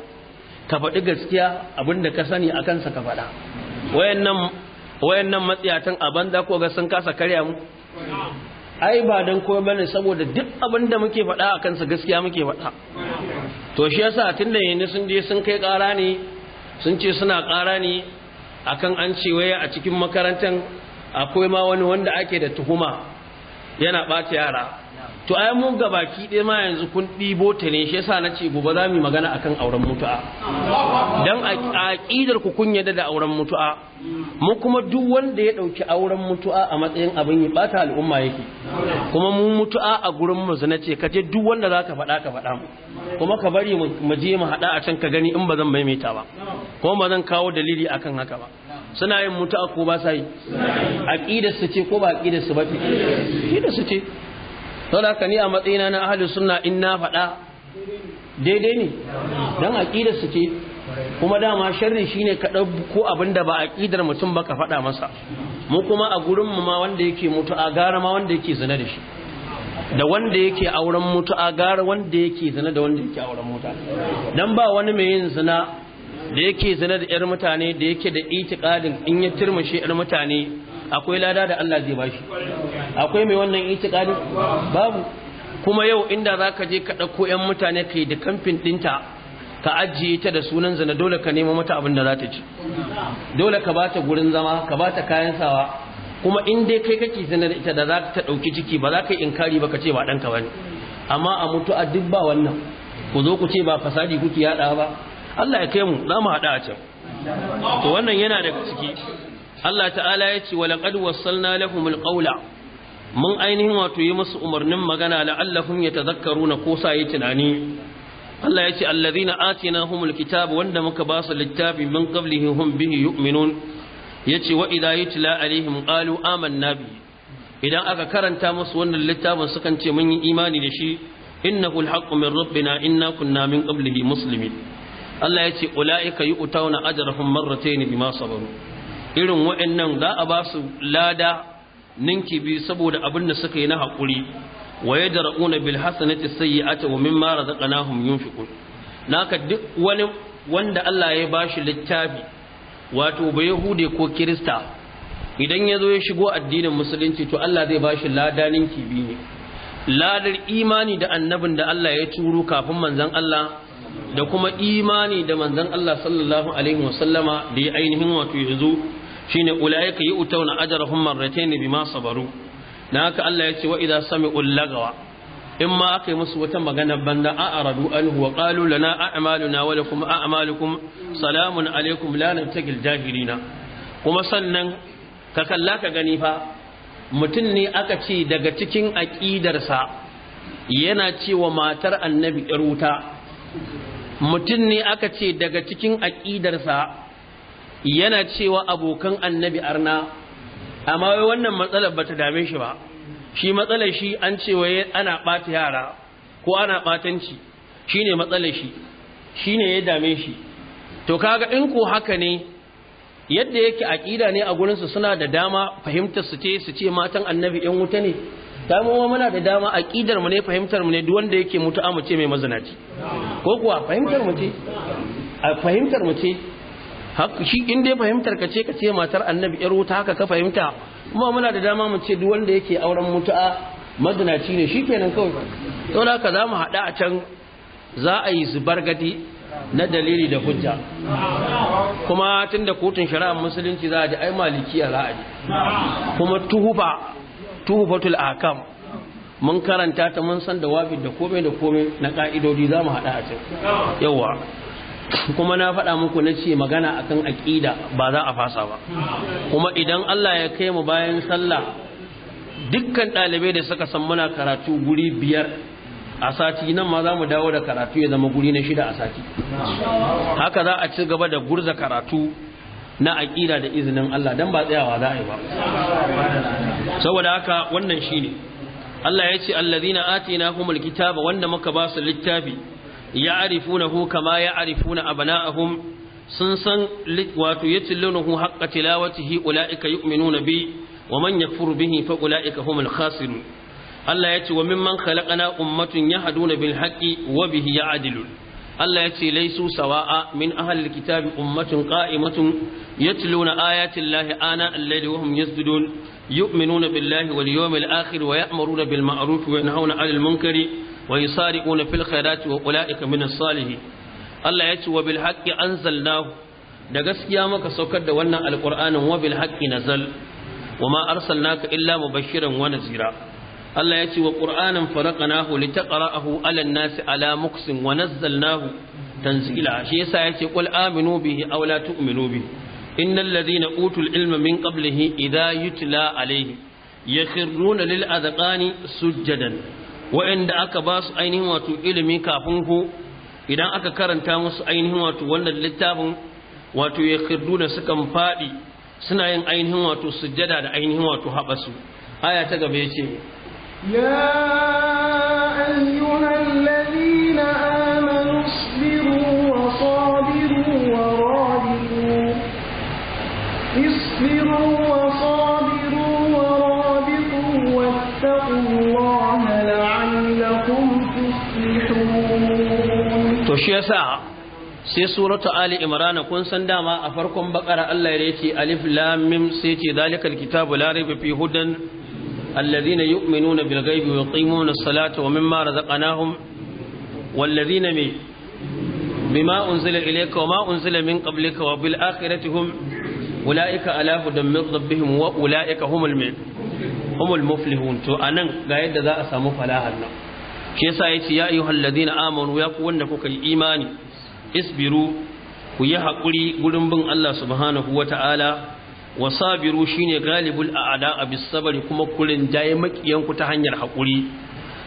ka faɗi gaskiya abinda ka sani a sa ka faɗa wayannan Wayan wayannan matsiyatan a banza ko ga sun kasa karya mu ai ba dan komai bane saboda duk abin da muke faɗa a kansa gaskiya muke faɗa to shi yasa tunda yanzu sun je sun kai ƙara ne sun ce suna ƙara ne akan an ce waya a cikin makarantan akwai ma wani wanda ake da tuhuma yana ɓata yara to ai mu gabaki dai ma yanzu kun dibo ta ne shi yasa nace gobe za mu yi magana akan auren mutu'a dan a aqidar ku kun yadda da auren mutu'a mu kuma duk wanda ya dauki auren mutu'a a matsayin abin yi bata al'umma yake kuma mu mutu'a a gurin mu zan ce ka je duk wanda zaka faɗa ka faɗa mu kuma ka bari mu je mu haɗa a can ka gani in ba zan maimaita ba kuma ba zan kawo dalili akan haka ba suna yin mutu'a ko ba sa yi aqidar su ce ko ba aqidar su ba ce aqidar su ce don haka ni a matsayina na ahalin suna in na faɗa daidai ne don aƙidar su ce kuma dama sharri shine ka ko abin da ba aƙidar mutum ba ka faɗa masa mu kuma a gurin mu ma wanda yake mutu a gara ma wanda yake zina da shi da wanda yake auren mutu a gara wanda yake zina da wanda yake auren mutu dan ba wani mai yin zina da yake zina da yar mutane da yake da itikadin in ya turmushe yar mutane akwai lada da Allah zai bashi akwai mai wannan itikadin babu kuma yau inda zaka je ka dauko yan mutane kai da kamfin dinta ka ajiye ta da sunan zana dole ka nemo mata abin da za ta ci dole ka bata gurin zama ka bata kayan sawa kuma in dai kai kake zana da ita da za ta dauki ciki ba za ka yi inkari ba ka ce ba danka bane amma a mutu a duk ba wannan ku zo ku ce ba fasadi kuke yada ba Allah ya kai mu za mu hada a can to wannan yana daga ciki Allah ta'ala ya ce walaƙad wasalna lahumul qawla mun ainihin wato yi musu umarnin magana la'allahum yatadhakkaruna ko sa yi tunani Allah ya ce allazina atinahumul kitaba wanda muka ba su littafi min qablihi hum bihi yu'minun yace wa idha yutla alaihim qalu amanna bi idan aka karanta musu wannan littafin sukan ce mun yi imani da shi innahu alhaqqu min rabbina inna kunna min qablihi muslimin Allah ya ce ulaika yu'tawna ajrahum marratayn bima sabaru irin waɗannan za a ba su lada ninki bi saboda abin da suka yi na haƙuri wa ya dara'una bil hasanati sayyi'ata wa mimma razaqnahum yunfiqun naka duk wani wanda Allah ya bashi littafi wato ba yahude ko kirista idan ya zo ya shigo addinin musulunci to Allah zai bashi lada ninki bi ne ladar imani da annabin da Allah ya turo kafin manzon Allah da kuma imani da manzon Allah sallallahu alaihi wasallama da ya ainihin wato ya shine ulaika yu'tawna na marratayn bima sabaru Na haka Allah ya ce wa sami sami'u lagawa in ma aka yi musu wata magana banda a aradu anhu wa qalu lana a'maluna wa lakum a'malukum salamun alaikum la nabtagil jahilina kuma sannan ka kalla ka gani fa mutum ne aka ce daga cikin aƙidarsa. yana cewa matar annabi yar wuta mutum ne aka ce daga cikin aƙidarsa. yana cewa abokan annabi arna amma wai wannan matsalar bata dame shi ba shi matsalar shi an ce cewa ana ɓata yara ko ana ɓatanci shine matsalar shi shine ya dame shi to kaga in ko haka ne yadda yake aƙida ne a gurinsu suna da dama fahimtar su ce su ce matan annabi yan wuta ne damuwa muna da dama aƙidar mu ne fahimtar mu ne duk wanda yake mutu ce mai mazinaci ko kuwa fahimtar mu ce a fahimtar mu ce shi inda dai fahimtar ka ce ka ce matar annabi yar wuta haka ka fahimta kuma muna da dama mu ce duk wanda yake auren mutu'a mazinaci ne shi kenan kawai to da ka za mu haɗa a can za a yi zubar gadi na dalili da hujja kuma tunda kotun shari'ar musulunci za a ji ai malikiya za a ji kuma tuhufa tuhufatul akam mun karanta ta mun san da wafi da komai da komai na ka'idodi za mu haɗa a can yawwa kuma na faɗa muku na ce magana akan aƙida ba za a fasa ba kuma idan Allah ya kai mu bayan sallah dukkan ɗalibai da suka san muna karatu guri biyar a sati nan ma za mu dawo da karatu ya zama guri na shida a sati haka za a ci gaba da gurza karatu na aƙida da izinin Allah don ba tsayawa za a yi ba saboda haka wannan shi ne Allah ya ce allazina atina humul kitaba wanda muka basu littafi ya'rifunahu kama a abana'ahum sun san wato yatlunuhu haqqa tilawatihi ulaika yu'minuna bi wa man yakfuru bihi fa ulaika humul khasirun Allah yace wa mimman khalaqana ummatun yahduna bil haqqi wa bihi ya'dilun Allah yace laysu sawa'a min ahli kitabi ummatun qa'imatun yatluna ayati llahi ana al-layli wa hum yasjudun yu'minuna billahi wal yawmil akhir wa ya'muruna bil ma'ruf wa yanhauna 'anil munkari wa yusari'una fil khairati wa ulaika min as Allah ya ce wa bil an anzalnahu da gaskiya maka saukar da wannan alqur'anin wa bil na zal. wa ma arsalnaka illa bashirin wa nazira Allah ya ce wa qur'anan faraqnahu litaqra'ahu 'ala an-nasi 'ala muksin wa nazzalnahu tanzila shi yasa ya ce qul aminu bihi aw la tu'minu bihi innal ladhina utul ilma min qablihi idha yutla alayhi yakhruna lil adqani sujjadan wa'anda aka ba su ainihin wato ilimi kafin ku idan aka karanta musu ainihin wato wannan littafin wato ya da sukan faɗi suna yin ainihin wato sujjada da ainihin wato haɓasu aya ta gaba ya ce ya ayyuhan sai suratu ali imran kun san dama a farkon bakara Allah ya ce alif lam mim sai ce zalikal kitabu la raiba fi hudan alladhina yu'minuna bil ghaibi wa yuqimuna as-salata wa mimma razaqnahum walladhina mi bima unzila ilayka wa ma unzila min qablika wa bil akhirati hum ulaika ala hudan min rabbihim wa ulaika humul mu'min humul muflihun to anan ga yadda za a samu falahar nan shi yasa yace ya ayyuhal ladina amanu ya ku wanda kuka yi imani isbiru ku yi haƙuri gurin bin Allah subhanahu wa ta'ala wa sabiru shine galibul ada a bisabari kuma kurin jaye makiyanku ta hanyar haƙuri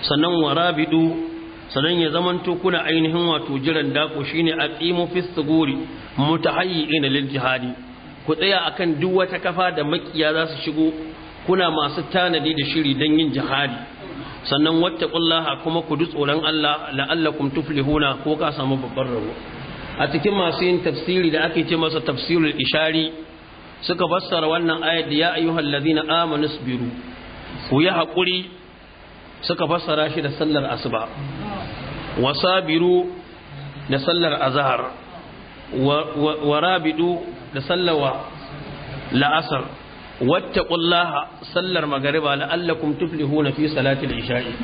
sannan wa rabidu sannan ya zamanto kuna ainihin wato jiran dako shine aqimu fis suguri mutahayyi'ina lil jihadi ku tsaya akan duk wata kafa da makiya za su shigo kuna masu tanadi da shiri don yin jihadi sannan ƙullaha kuma ku ji tsoron Allah la'allakum tuflihuna ko ka samu babbar rabo a cikin masu yin tafsiri da ake ce masa tafsirul ishari suka fassara wannan ayat da ya ayyuhal ladina amanu sabiru ku yi haƙuri suka fassara shi da sallar asuba wa sabiru da sallar azhar wa rabidu da sallawa la'asar wattaqullaha sallar magariba la'allakum tuflihuna fi salatil isha'i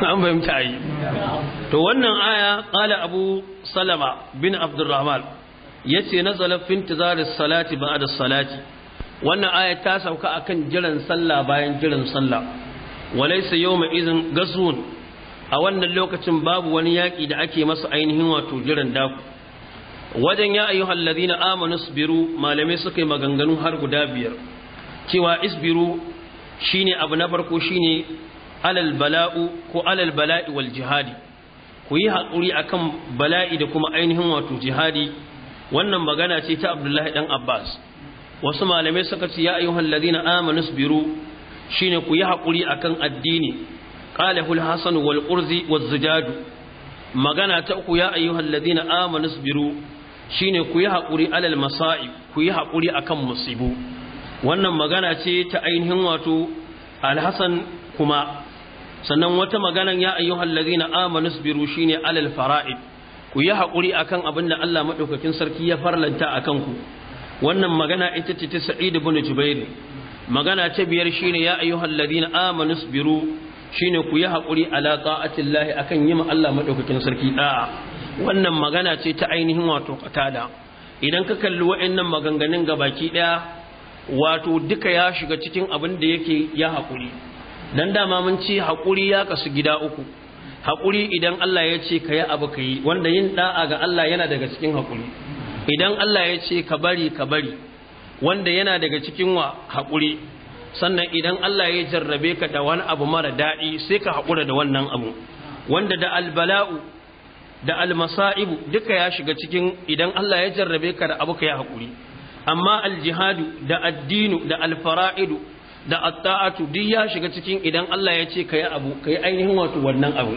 an fahimta ayi to wannan aya qala abu salama bin abdurrahman yace na fi intizaris salati ba'da salati wannan aya ta sauka akan jiran sallah bayan jiran sallah walaysa yawma izin gazun a wannan lokacin babu wani yaki da ake masa ainihin wato jiran daku wajen ya ayyuhal na amanu isbiru malamai suka yi maganganu har guda biyar cewa isbiru shine abu na farko shine alal bala'u ko alal bala'i wal jihadi ku yi haƙuri akan bala'i da kuma ainihin wato jihadi wannan magana ce ta abdullahi dan abbas wasu malamai suka ce ya ayyuhal na amanu isbiru shine ku yi haƙuri akan addini qalahu al-hasan wal qurzi waz magana ta uku ya ayyuhal ladina amanu isbiru shine ku yi haƙuri alal masa'i ku yi haƙuri akan musibu wannan magana ce ta ainihin wato alhassan kuma sannan wata maganan ya ayyuhal ladzina amanu sabiru shine alal fara'id ku yi haƙuri akan abin da Allah madaukakin sarki ya farlanta akan ku wannan magana ita ce ta Sa'id ibn Jubair magana ta biyar shine ya ayyuhal ladzina amanu sabiru shine ku yi haƙuri ala ta'atillahi akan yima Allah madaukakin sarki ɗa'a. wannan magana ce ta ainihin wato katada idan ka kalli wa'annan maganganun gabaki daya wato duka ya shiga cikin abin da yake ya haƙuri dan dama mun ce haƙuri ya kasu gida uku haƙuri idan Allah ya ce ka yi abu ka yi wanda yin da'a ga Allah yana daga cikin haƙuri idan Allah ya ce ka bari ka bari wanda yana daga cikin wa haƙuri sannan idan Allah ya jarrabe ka da wani abu mara daɗi sai ka haƙura da wannan abu wanda da albala'u da almasa'ibu duka ya shiga cikin idan Allah ya jarrabe ka da abu ka yi haƙuri amma aljihadu da addinu da alfara'idu da atta'atu duk ya shiga cikin idan Allah ya ce ka yi abu ka yi ainihin wato wannan abu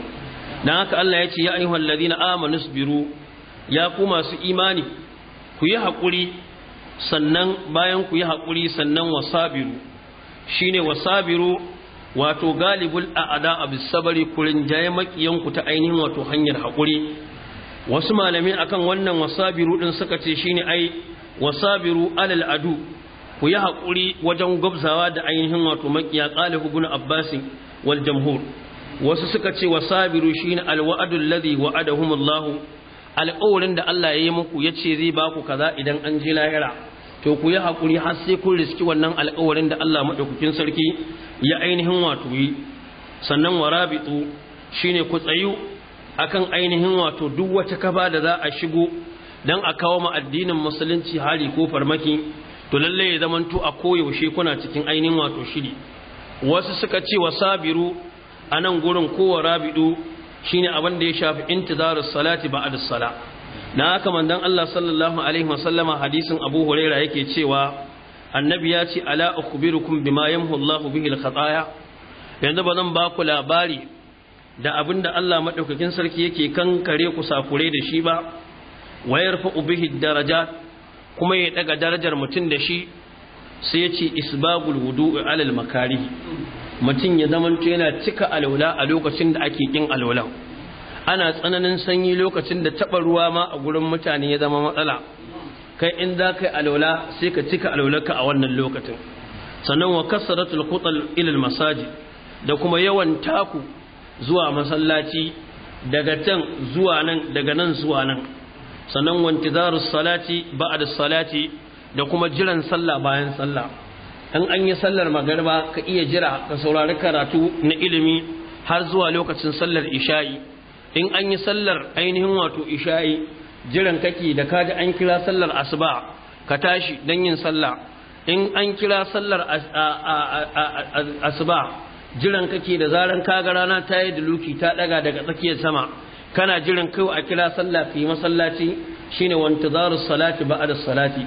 dan haka Allah ya ce ya ainihin alladhina amanu sabiru ya ku masu imani ku yi haƙuri sannan bayan ku yi haƙuri sannan wasabiru shine wasabiru wato galibul a abis sabari kurin jaye makiyanku ta ainihin wato hanyar haƙuri wasu malami akan wannan wasabiru din suka ce shine ai wasabiru alal adu ku yi haƙuri wajen gwabzawa da ainihin wato makiya qalihu Abbasi abbas wal jamhur wasu suka ce wasabiru shine alwa'adu alladhi wa'adahum Allah alƙawarin da Allah ya yi muku yace zai ba ku kaza idan an je lahira to ku yi haƙuri har sai kun riski wannan alƙawarin da Allah maɗaukakin sarki ya ainihin wato yi sannan warabitu shine ku tsayu akan ainihin wato duk wata kaba da za a shigo dan a kawo ma addinin musulunci hali ko farmaki to lalle ya zamanto a koyaushe kuna cikin ainihin wato shiri wasu suka ce wa sabiru a gurin ko warabitu shine abin da ya shafi intizarus salati ba'da salat na haka mandan Allah sallallahu alaihi wasallama hadisin Abu Huraira yake cewa annabi ya ce ala ukhbirukum bima yamhu Allahu bihi al-khataaya yanzu ba zan ba ku labari da abin da Allah madaukakin sarki yake kankare ku sakure da shi ba wayar fa bihi daraja kuma ya daga darajar mutum da shi sai ya ce isbagul wudu'i alal makari mutum ya zamanto yana cika alwala a lokacin da ake kin alwala ana tsananin sanyi lokacin da taɓa ruwa ma a gurin mutane ya zama matsala kai in za ka yi alola sai ka cika alolarka a wannan lokacin sannan wa kasaratul khutal ilil masaji da kuma yawan taku zuwa masallaci daga can zuwa nan daga nan zuwa nan sannan zarar salati da salati da kuma jiran sallah bayan sallah in an yi sallar magarba ka iya jira ka saurari karatu na ilimi har zuwa lokacin sallar isha'i in an yi sallar ainihin wato isha'i jiran kake da kaji an kira sallar asuba ka tashi don yin sallah in an kira sallar asuba jiran kake da zaran kaga rana ta yi luki ta daga daga tsakiyar sama kana jiran kai a kira sallah fi masallaci shine zarar salati da salati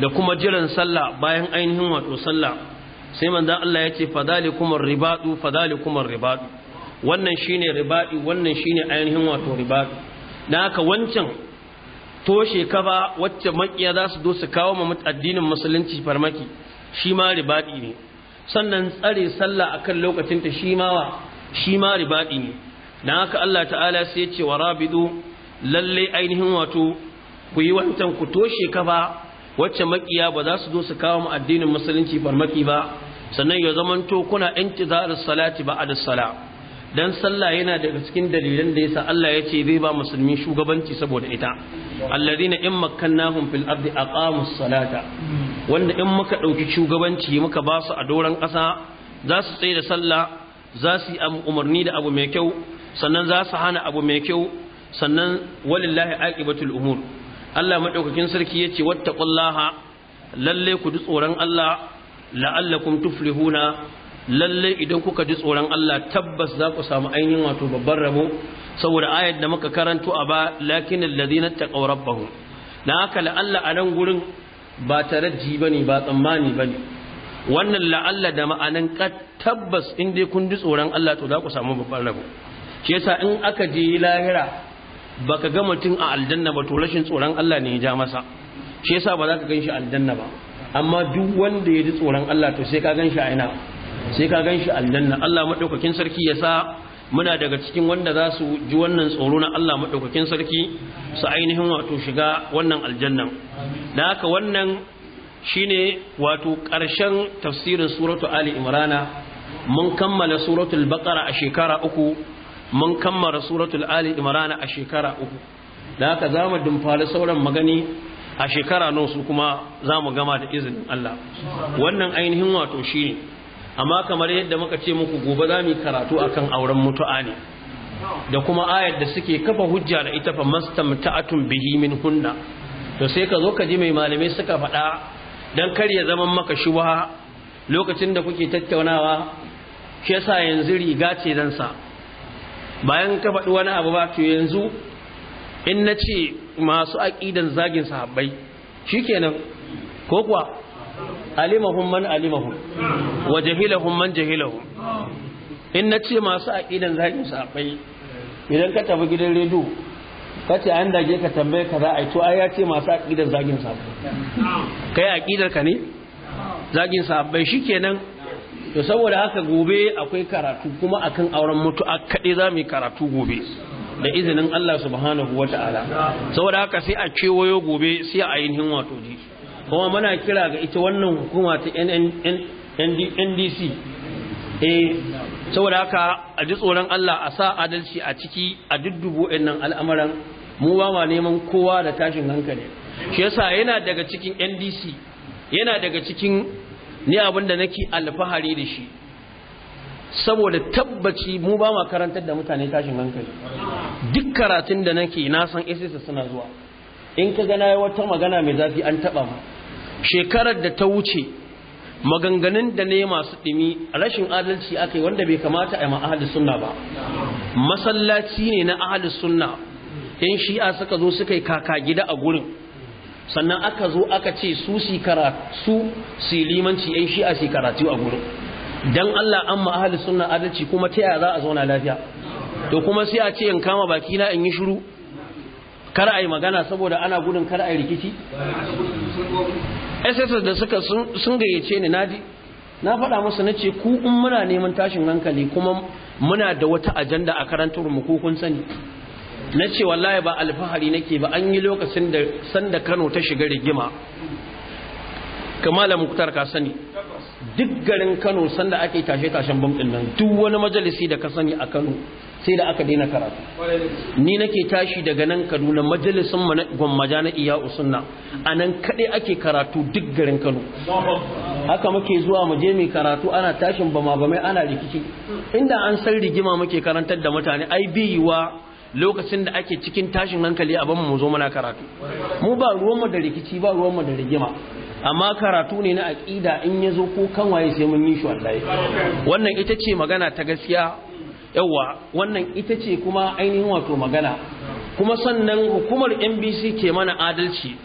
da kuma jiran sallah bayan ainihin wato sallah sai manzon Allah ya ce fadalikumur ribadu kuma ribadu wannan shine ribadi wannan shine ainihin wato ribadi dan haka wancan toshe ba wacce makiya za su zo su kawo mu addinin musulunci farmaki shi ma ribadi ne sannan tsare sallah akan lokacin ta shi ma shi ma ribadi ne dan haka Allah ta'ala sai ya ce wa rabidu lalle ainihin wato ku yi wancan ku toshe ba wacce makiya ba za su zo su kawo mu addinin musulunci farmaki ba sannan ya zamanto kuna intizarar salati ba salat dan sallah yana daga cikin dalilan da yasa Allah ya ce zai ba musulmi shugabanci saboda ita alladhina in makkannahum fil ardi aqamus salata wanda in muka dauki shugabanci muka ba su a doran ƙasa za su tsaye da sallah za su yi umarni da abu mai kyau sannan za su hana abu mai kyau sannan walillahi aqibatul umur Allah madaukakin sarki yace wattaqullaha lalle ku ji tsoron Allah la'allakum tuflihuna Lallai idan kuka ji tsoron Allah tabbas za ku samu ainihin wato babban rabo saboda ayat da muka karanto a ba lakin alladhina taqaw rabbahum na haka Allah a nan gurin ba taraji bane ba tsammani bane wannan la'alla da ma'anan tabbas in dai kun ji tsoron Allah to za ku samu babban rabo shi yasa in aka je lahira baka ga mutum a aljanna ba to rashin tsoron Allah ne ya ja masa shi yasa ba za ka ganshi aljanna ba amma duk wanda ya ji tsoron Allah to sai ka ganshi a ina sai ka gan shi aljanna Allah maɗaukakin sarki ya sa muna daga cikin wanda za su ji wannan tsoro na Allah maɗaukakin sarki su ainihin wato shiga wannan aljannan da haka wannan shine wato ƙarshen tafsirin suratul Ali Imrana mun kammala suratul Baqara a shekara uku mun kammala suratul Ali Imrana a shekara uku da haka za mu dumfari sauran magani a shekara nan su kuma za mu gama da izinin Allah wannan ainihin wato shine amma kamar yadda muka ce muku gobe za mu karatu akan auren mutu'a ne da kuma ayar da suke kafa hujja da ita fa mastamta'atun bihi min hunna to sai ka zo ka ji mai malamai suka faɗa dan kar ya zaman maka shuwa lokacin da kuke tattaunawa shi yasa yanzu riga ce dan sa bayan ka faɗi wani abu ba to yanzu in nace masu aqidan zagin sahabbai shikenan ko kuwa alimahum man alimahum wa jahilahum man jahilahum in na ce masu aƙidan zagin sahabbai idan ka tafi gidan rediyo ka ce an dage ka tambaye ka za a yi to ai ya ce masu aƙidan zagin Ka kai aƙidar ka ne zagin sahabbai shikenan to saboda haka gobe akwai karatu kuma akan auren mutu'a kaɗe za mu yi karatu gobe da izinin Allah subhanahu wata'ala saboda haka sai a cewayo gobe sai a ainihin wato ji kuma muna kira ga ita wannan hukuma ta ndc eh saboda haka a ji tsoron Allah a sa adalci a ciki a duddubo nan al'amuran mu ba ma neman kowa da tashin hankali shi yasa yana daga cikin ndc yana daga cikin ni abin da nake alfahari da shi saboda tabbaci mu ba ma karantar da mutane tashin hankali duk karatun da nake na san sss suna zuwa in ka gana wata magana mai zafi an taba mu shekarar da ta wuce maganganun da ne masu ɗimi rashin adalci aka yi wanda bai kamata a yi suna ba masallaci ne na ahadis sunna yan shi'a suka zo suka yi kaka gida a gurin sannan aka zo aka ce su si karatu su limanci yan shi'a si karatu a gurin dan Allah an ma'ahadis suna adalci kuma ta yaya za a zauna lafiya to kuma sai a ce in kama baki na in yi shiru kar a yi magana saboda ana gudun kar a yi rikici sss da suka sun gayyace ni naji na faɗa musu na ce ku in muna neman tashin hankali kuma muna da wata ajanda a karantar mu kun sani na ce wallahi ba alfahari nake ba an yi lokacin da sanda kano ta shiga rigima kamala muktar ka sani duk garin kano sanda ake tashe tashen bam nan duk wani majalisi da ka sani a kano sai da aka daina karatu ni nake tashi daga nan kaduna majalisun gwammaja na iya usunna a nan kaɗai ake karatu duk garin kano haka muke zuwa mu je mai karatu ana tashin bama ana rikici inda an san rigima muke karantar da mutane ai yiwa lokacin da ake cikin tashin hankali a ban mu zo muna karatu mu ba ruwan mu da rikici ba ruwanmu da rigima amma karatu ne na aƙida in ya zo ko waye sai mun yi shi wallahi wannan ita ce magana ta gaskiya yawa wannan ita ce kuma ainihin wato magana kuma sannan hukumar NBC ke mana adalci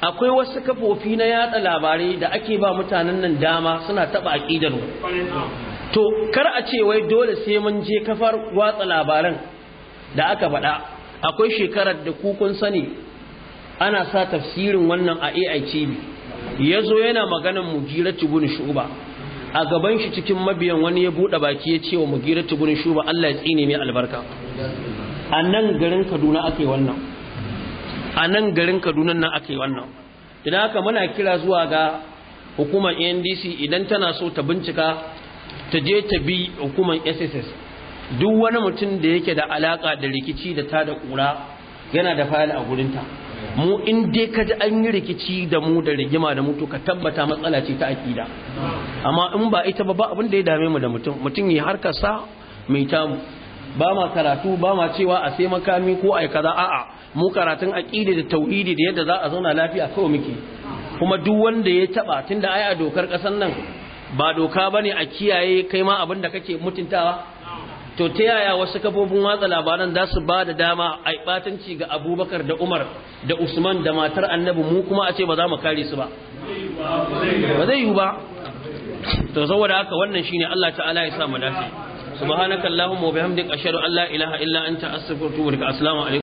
akwai wasu kafofi na yada labarai da ake ba mutanen nan dama suna taba aqidar mu to kar a ce wai dole sai mun je kafar watsa labaran da aka baɗa, akwai shekarar da ku kun sani ana sa tafsirin wannan a AITV zo yana maganan mujiratu bin shuba a gaban shi cikin mabiyan wani ya buɗe baki ya ce wa mugira tubunin shuba Allah ya tsine mai albarka a nan garin kaduna ake wannan a garin kaduna nan ake wannan idan haka muna kira zuwa ga hukumar ndc idan tana so ta bincika ta je ta bi hukumar sss duk wani mutum da yake da alaka da rikici da ta da kura yana da fayil a gurinta mu in dai ka ji an yi rikici da mu da rigima da mutu ka tabbata matsala ce ta akida amma in ba ita ba ba abin da ya dame mu da mutum mutum ya harkar sa mai tamu ba ma karatu ba ma cewa a sai makami ko ai kaza a'a mu karatun aƙida da tauhidi da yadda za a zauna lafiya kawai muke kuma duk wanda ya taba tunda ai a dokar kasan nan ba doka bane a kiyaye kai ma abin da kake mutuntawa to ta yaya wasu kafofin watsa labaran za su ba da dama a batanci ga abubakar da umar da usman da matar annabi mu kuma a ce ba za mu kare su ba ba zai yiwu ba to da haka wannan shine Allah ta'ala ya sa mu dace subhanakallahumma wa bihamdika ashhadu an la ilaha illa anta astaghfiruka wa atubu